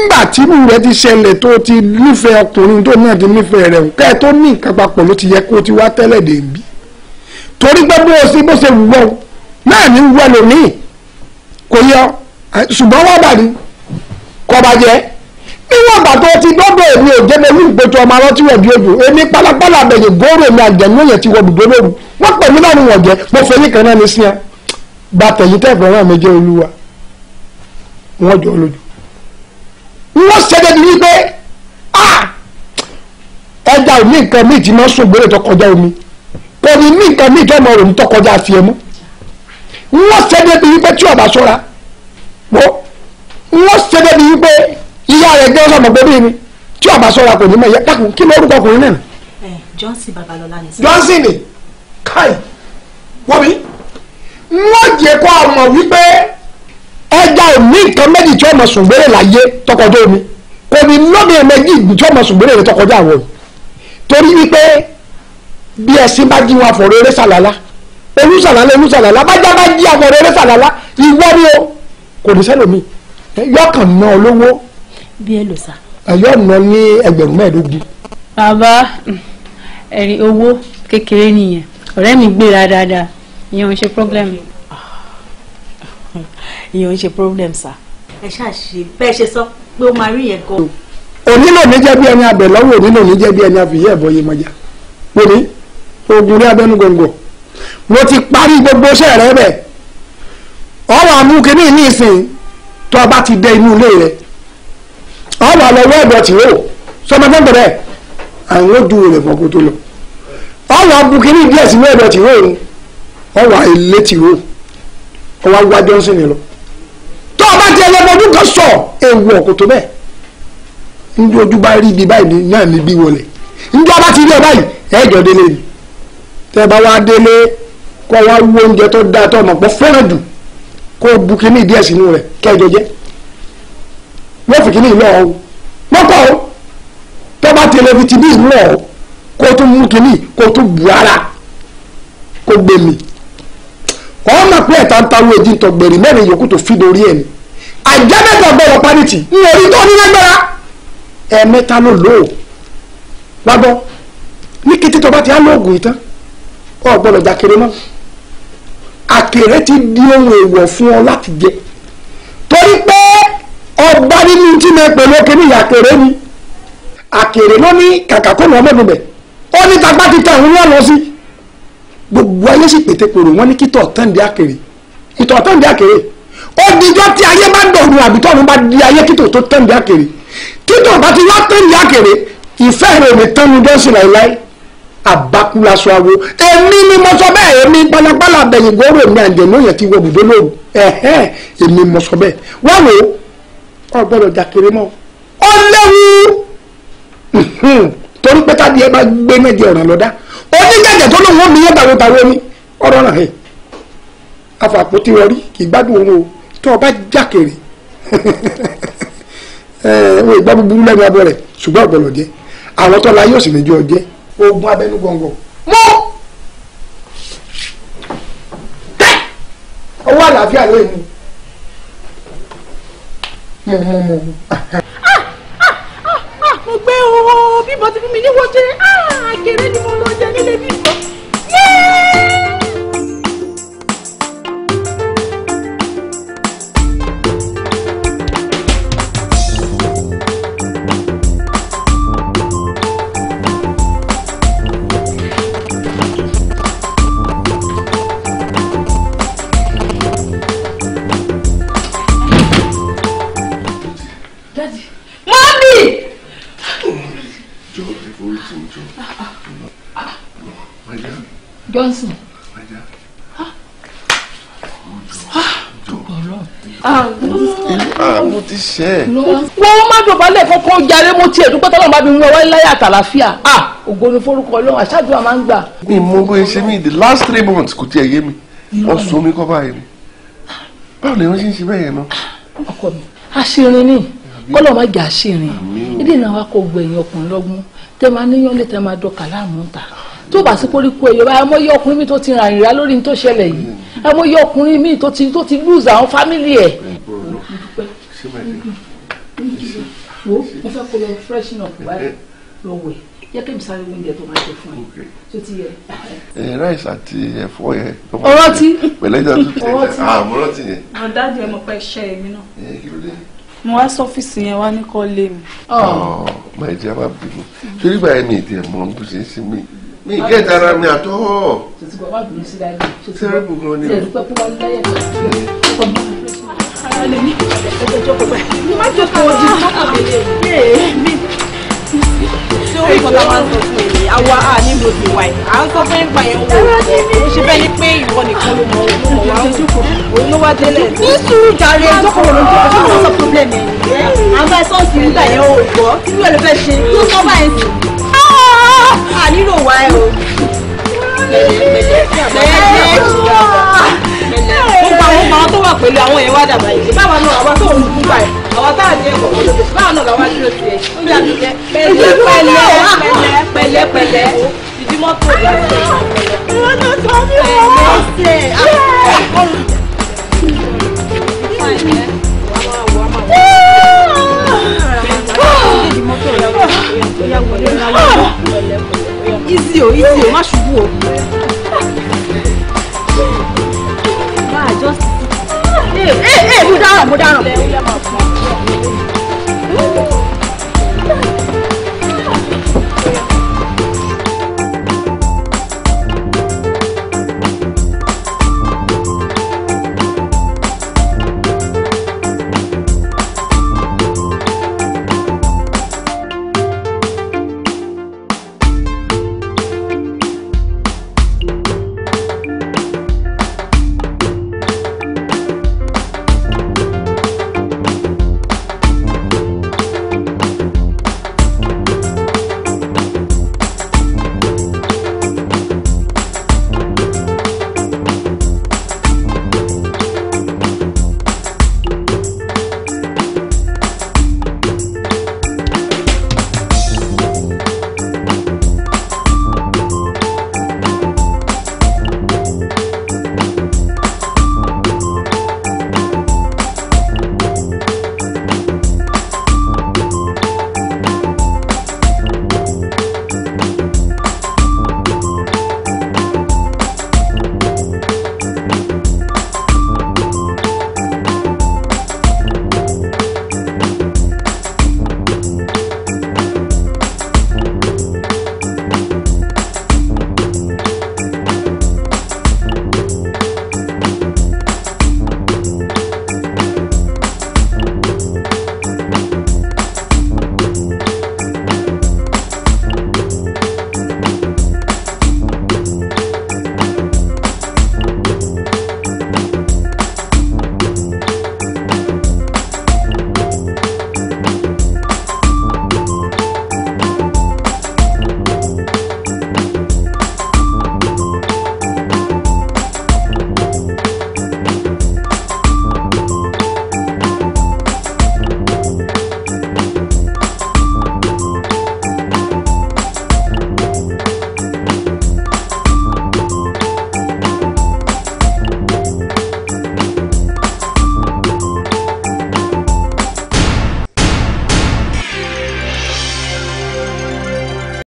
S2: nígbà tí irú rẹ ti ṣẹlẹ̀ tó ti nífẹ̀ẹ́ ọkùnrin tó náà ti nífẹ̀ẹ́ rẹ̀ nǹkan tó ní nǹkan ló ti yẹ kó ti wá tẹ́lẹ̀ dé bí torí pé bó o ṣe bó ṣe wù wọ́n náà ní wú ẹlòmíì kò yọ ṣùgbọ́n wọ́n bà ní kọ́ bá jẹ́ níwọ̀n ti dọ́dọ̀ èmi ò jẹ́ mẹ́rin ìgbẹ́jọ́ ọmọ arántí rẹ̀ bí ojú èmi pálápálá àbẹ̀yẹ̀ góòrò mi àjẹ̀nú òyẹ̀ ti wọ bùdó lóru wọ́n pẹ̀lú náà ni wọ́n jẹ́ mo fẹ́ yín kan náà ní sí ẹ tẹ̀yìn tẹ̀fẹ̀ náà mi jẹ́ olúwa wọ́n jọ lójú. wọ́n ṣẹ́jẹ́ di wípé ẹja ò ní nǹkan míì tí máa ń sùn gbọ́dọ̀ tó kọjá omi kò ní ní nǹkan míì tó máa rò ní tó kọjá àfihàn mọ́ wọ́n ṣe débi wípé tí ọba ṣọ́ra wọ́n wọ́n ṣe débi wípé ìyá rẹ̀ gbé ọsàn mọ̀gbẹ́ bí mi tí ọba ṣọ́ra kò ní mọ̀ yẹ kí ló rúkọ ọkùnrin náà. Johnson Babalọlá ni. Johnson ni kai wọ́n mi
S1: wọ́n kó a
S2: mọ̀ wípé ẹja ò nǹkan méjì tí ọmọ sùn láyé tọkọjá omi kò ní lómi ẹ̀mẹ́jì tí ọmọ sùn gbére rẹ̀ àwọn torí wípé bí ẹṣin bá jí wọn àfọ̀rọ̀ eré sàlálà olùsàlálà olùsàlálà bájá bá jí àwọn rere sàlálà ni o kò ní sẹ́lómi yọkàn ná olówó. bí ẹ lò sá. ẹ̀yọ́ ná ní ẹgbẹ̀rún mẹ́ẹ̀ẹ́dógún. bàbá ẹ̀rí owó kékeré nìyẹn ọ̀rẹ́ mi gbéra dáadáa ìyẹn ò ń ṣe problem. ìyẹn ò ń ṣe problem sá. ẹ ṣáà bẹ́ẹ̀ ṣe sọ pé ó máa rí yẹn gan. onílò ní jẹ́ bí ẹni abẹ̀ lọ́wọ́ onílò ní jẹ́ bí ẹni àfìyẹ́ ẹ̀bọ yìí mọ́jà pé ní oògùn rí abẹ́nú mo ti parí gbogbo iṣẹ́ rẹ bẹ̀ ọ̀rọ̀ àmúkiní ní ìsìn o bá ti dé inú ilé rẹ ọ̀rọ̀ àlọ́wọ́ ẹ̀dọ̀ tì ó sọmọ tó ń bẹ̀rẹ̀ àwọn ojú rẹ̀ bọ̀ tó lọ ọ̀rọ̀ àbùkiní díẹ̀ sínú ẹ̀dọ̀ tì ó ọ̀rọ̀ àìlé tì ó ọwọ́ o bá ti ẹlẹ́gbọ̀dún kan sọ ewu bẹ́ẹ̀ tẹ́ bá wá délé kó wá wú oúnjẹ tó dáa tó ọmọ pọ̀ fẹ́ràn jù kó bu kíní díẹ̀ sínú rẹ̀ kẹ́jọ jẹ́ wọ́n fi kíní ìlọ ọ̀hún wọ́n kọ́ ọ́ tó bá tẹ́lẹ̀ fi ti bí ìlú ọ̀hún kó tún mú kíní kó tún bu ara kó gbé mi kọ́ ọ́ mọ̀ pé ẹ̀ta ń tawó èjì tọ̀gbẹ̀rì mẹ́rin yòókù tó fi dorí ẹ̀ ni àjẹ́mẹ́ta gbọ́dọ̀ pánìtì ń orí tó ní lágbára ẹ̀ẹ̀mẹ́ta ló lò ó wá gbọ́ ní kété tó bá ti á lóògùn yìí tán ọ gbọ́dọ̀ jàkèrè mọ́ àkèrè ti di ohun èèwọ̀ fún ọ láti jẹ torí pé ọgbà nínú tí mo pè lókè ní ìyàkèrè ni àkèrè ló ní kàkà kó ní ọmọ ìbùbẹ̀ ó ní tagbá ti tẹ òun ní ọ̀nà sí gbogbo ayé sì pété kòrò wọn ní kítọ̀ tán di àkèrè ìtọ̀ tán di àkèrè ó dijọ́ tí ayé bá dọ̀rùn àbí tọ́run bá di ayé kítọ̀ tó tán di àkèrè kítọ̀ bá ti wá tán di àkèrè ìfẹ́ rẹ̀ ò tán ní dọ́sùn láéláé àbákúlasọ awo èmi ni mo sọ bẹ́ẹ̀ èmi balabala àbẹ̀yìn gbòòrò èmi àjẹ̀nú yẹn ti wọ bùdó lóru ẹ̀hẹ́ èmi mo sọ bẹ́ẹ̀ wá wò ó gbọ́dọ̀ jàkèrè mọ́ ọ léwu torí pé káàdì ẹ bá gbé méje ọ̀ràn lọ́dá oníjàjẹ̀ tó lóun ó mi yẹn tàwọn tàwọn omi ọ̀rọ̀ náà hẹ̀ afàpótí wọrí kì í gbádùn òun o tó o bá jàkèrè ẹ̀ ẹ̀ wọ́n ìgbà búburú lẹ́nu abọ́ rẹ̀ ṣùgbọ́n ọ̀gbọ̀lọ̀ jẹ́ àwọn tó la yóò sì lè jọ jẹ́ oògùn abẹnú gọ̀ǹgọ̀ mú ọwọ́ àlàáfíà ló èmi mú mú mú. Ah, ah, ah, mo gbé o bíbọ̀ ti fún mi ní wọ́n jẹ́ àkèrè ni mo lọ jẹ nílé bíbọ̀. Johnson.
S1: Ah, mo ti ṣe.
S2: wọ́n má dọ̀bálẹ̀ kọ́kọ́ jáde mo tiẹ̀ dúpẹ́ tọ́lọ́mọ bá mi mú ọwọ́ láyé àtàlàfíà ah, ògo ni forúkọ ọlọ́run àṣàdúrà máa ń gbà. mi mú bó ṣe mí the last three months kò tiẹ̀ yé mi wọ́n mi kọ́ báyìí ni báwo ni wọ́n ṣe ń ṣe bẹ́ẹ̀ yẹn náà. ọkọ mi aṣèrìn ni kọ́lọ̀ má jà aṣèrìn ìdí ìnáwó akọ gbẹ̀yìn ọkùnrin lọ́gbọ́n tẹ́ máa níyàn lè máa dọ̀kà láàmú ta tó bá sí poríko ẹ̀yọ́ báyìí ọmọ yẹ ọkùnrin mi tó ti ràn ìrà lórí ní tó ṣẹlẹ̀ yìí ọmọ yẹ ọkùnrin mi tó ti tó ti lose àwọn fámìlì ẹ̀. up báyìí lọ wẹ̀ yẹ kí n sáré oúnjẹ tó máa jẹ fún ẹ tó ti yẹ. ẹ eh, ráìsì àti ẹ̀fọ́ yẹn. ọ̀rọ̀ ti pẹ̀lẹ́jà tó tẹ àmọ́rọ̀ ti ah, yẹn. ọ̀dájú ẹ mọ̀ pé ṣẹ́ èmi náà. Eh,
S1: mo wá sọ́fíìsì
S2: yẹn wá ní kọ́ mi. ọ̀ máa jẹ́ wá bínú torí báyìí mi ì tẹ̀ mọ́ bó ṣe ń sinmi mi ì gẹ́ta ara mi àtọ́. ṣètìkọ́ wà bínú sí dáadé. sẹ́rẹ́bù gan ni. ṣèdúpẹ́ fún wọn lẹ́yẹ̀ tó kọ́ mi. ara lè ní ẹgbẹ́ ìjọba pẹ̀. mo máa jókòó ojú sí mọ́tò mi. mi
S1: tí ó rí ìkọ́ta máa ń sọ fún mi àwa a nílò
S2: òbí wa yìí à ń sọ fún ẹgbà yẹn wò ó ṣe bẹ́ẹ̀ ni pé ìwọ nìkan ló mọ òun mọ wa òun ló wá délẹ̀. ní sùúrù jàre ìjókòó ló ń jókòó ṣé kò sọ pọ́blẹ́mì ẹ̀ àwọn ẹ̀sọ́ ti ń gbà yẹn ò gbọ́ kí ló lè fẹ́ ṣe kí ó sọ báyìí sí. Ah! a nílò wa ẹ o.
S1: gbogbo àwọn ọmọ tó wà pẹ̀lú àwọn yẹn wá dàbà yìí báwa náà àwa tó ń gbà yìí àwọn tá à ní
S2: ẹ̀kọ́ báwọn náà làwọn dúró tiẹ̀ ń bí àdúgbò pẹ̀lẹ́ pẹ̀lẹ́ pẹ̀lẹ́ pẹ̀lẹ́ pẹ̀lẹ́
S1: ìdímọ́tò ìyá pẹ̀lẹ́ pẹ̀lẹ́.
S2: Easy o, easy o, má ṣubú o.
S1: Máa jọ́ sí. Ẹ ẹ mo dáràn mo dáràn. Woo!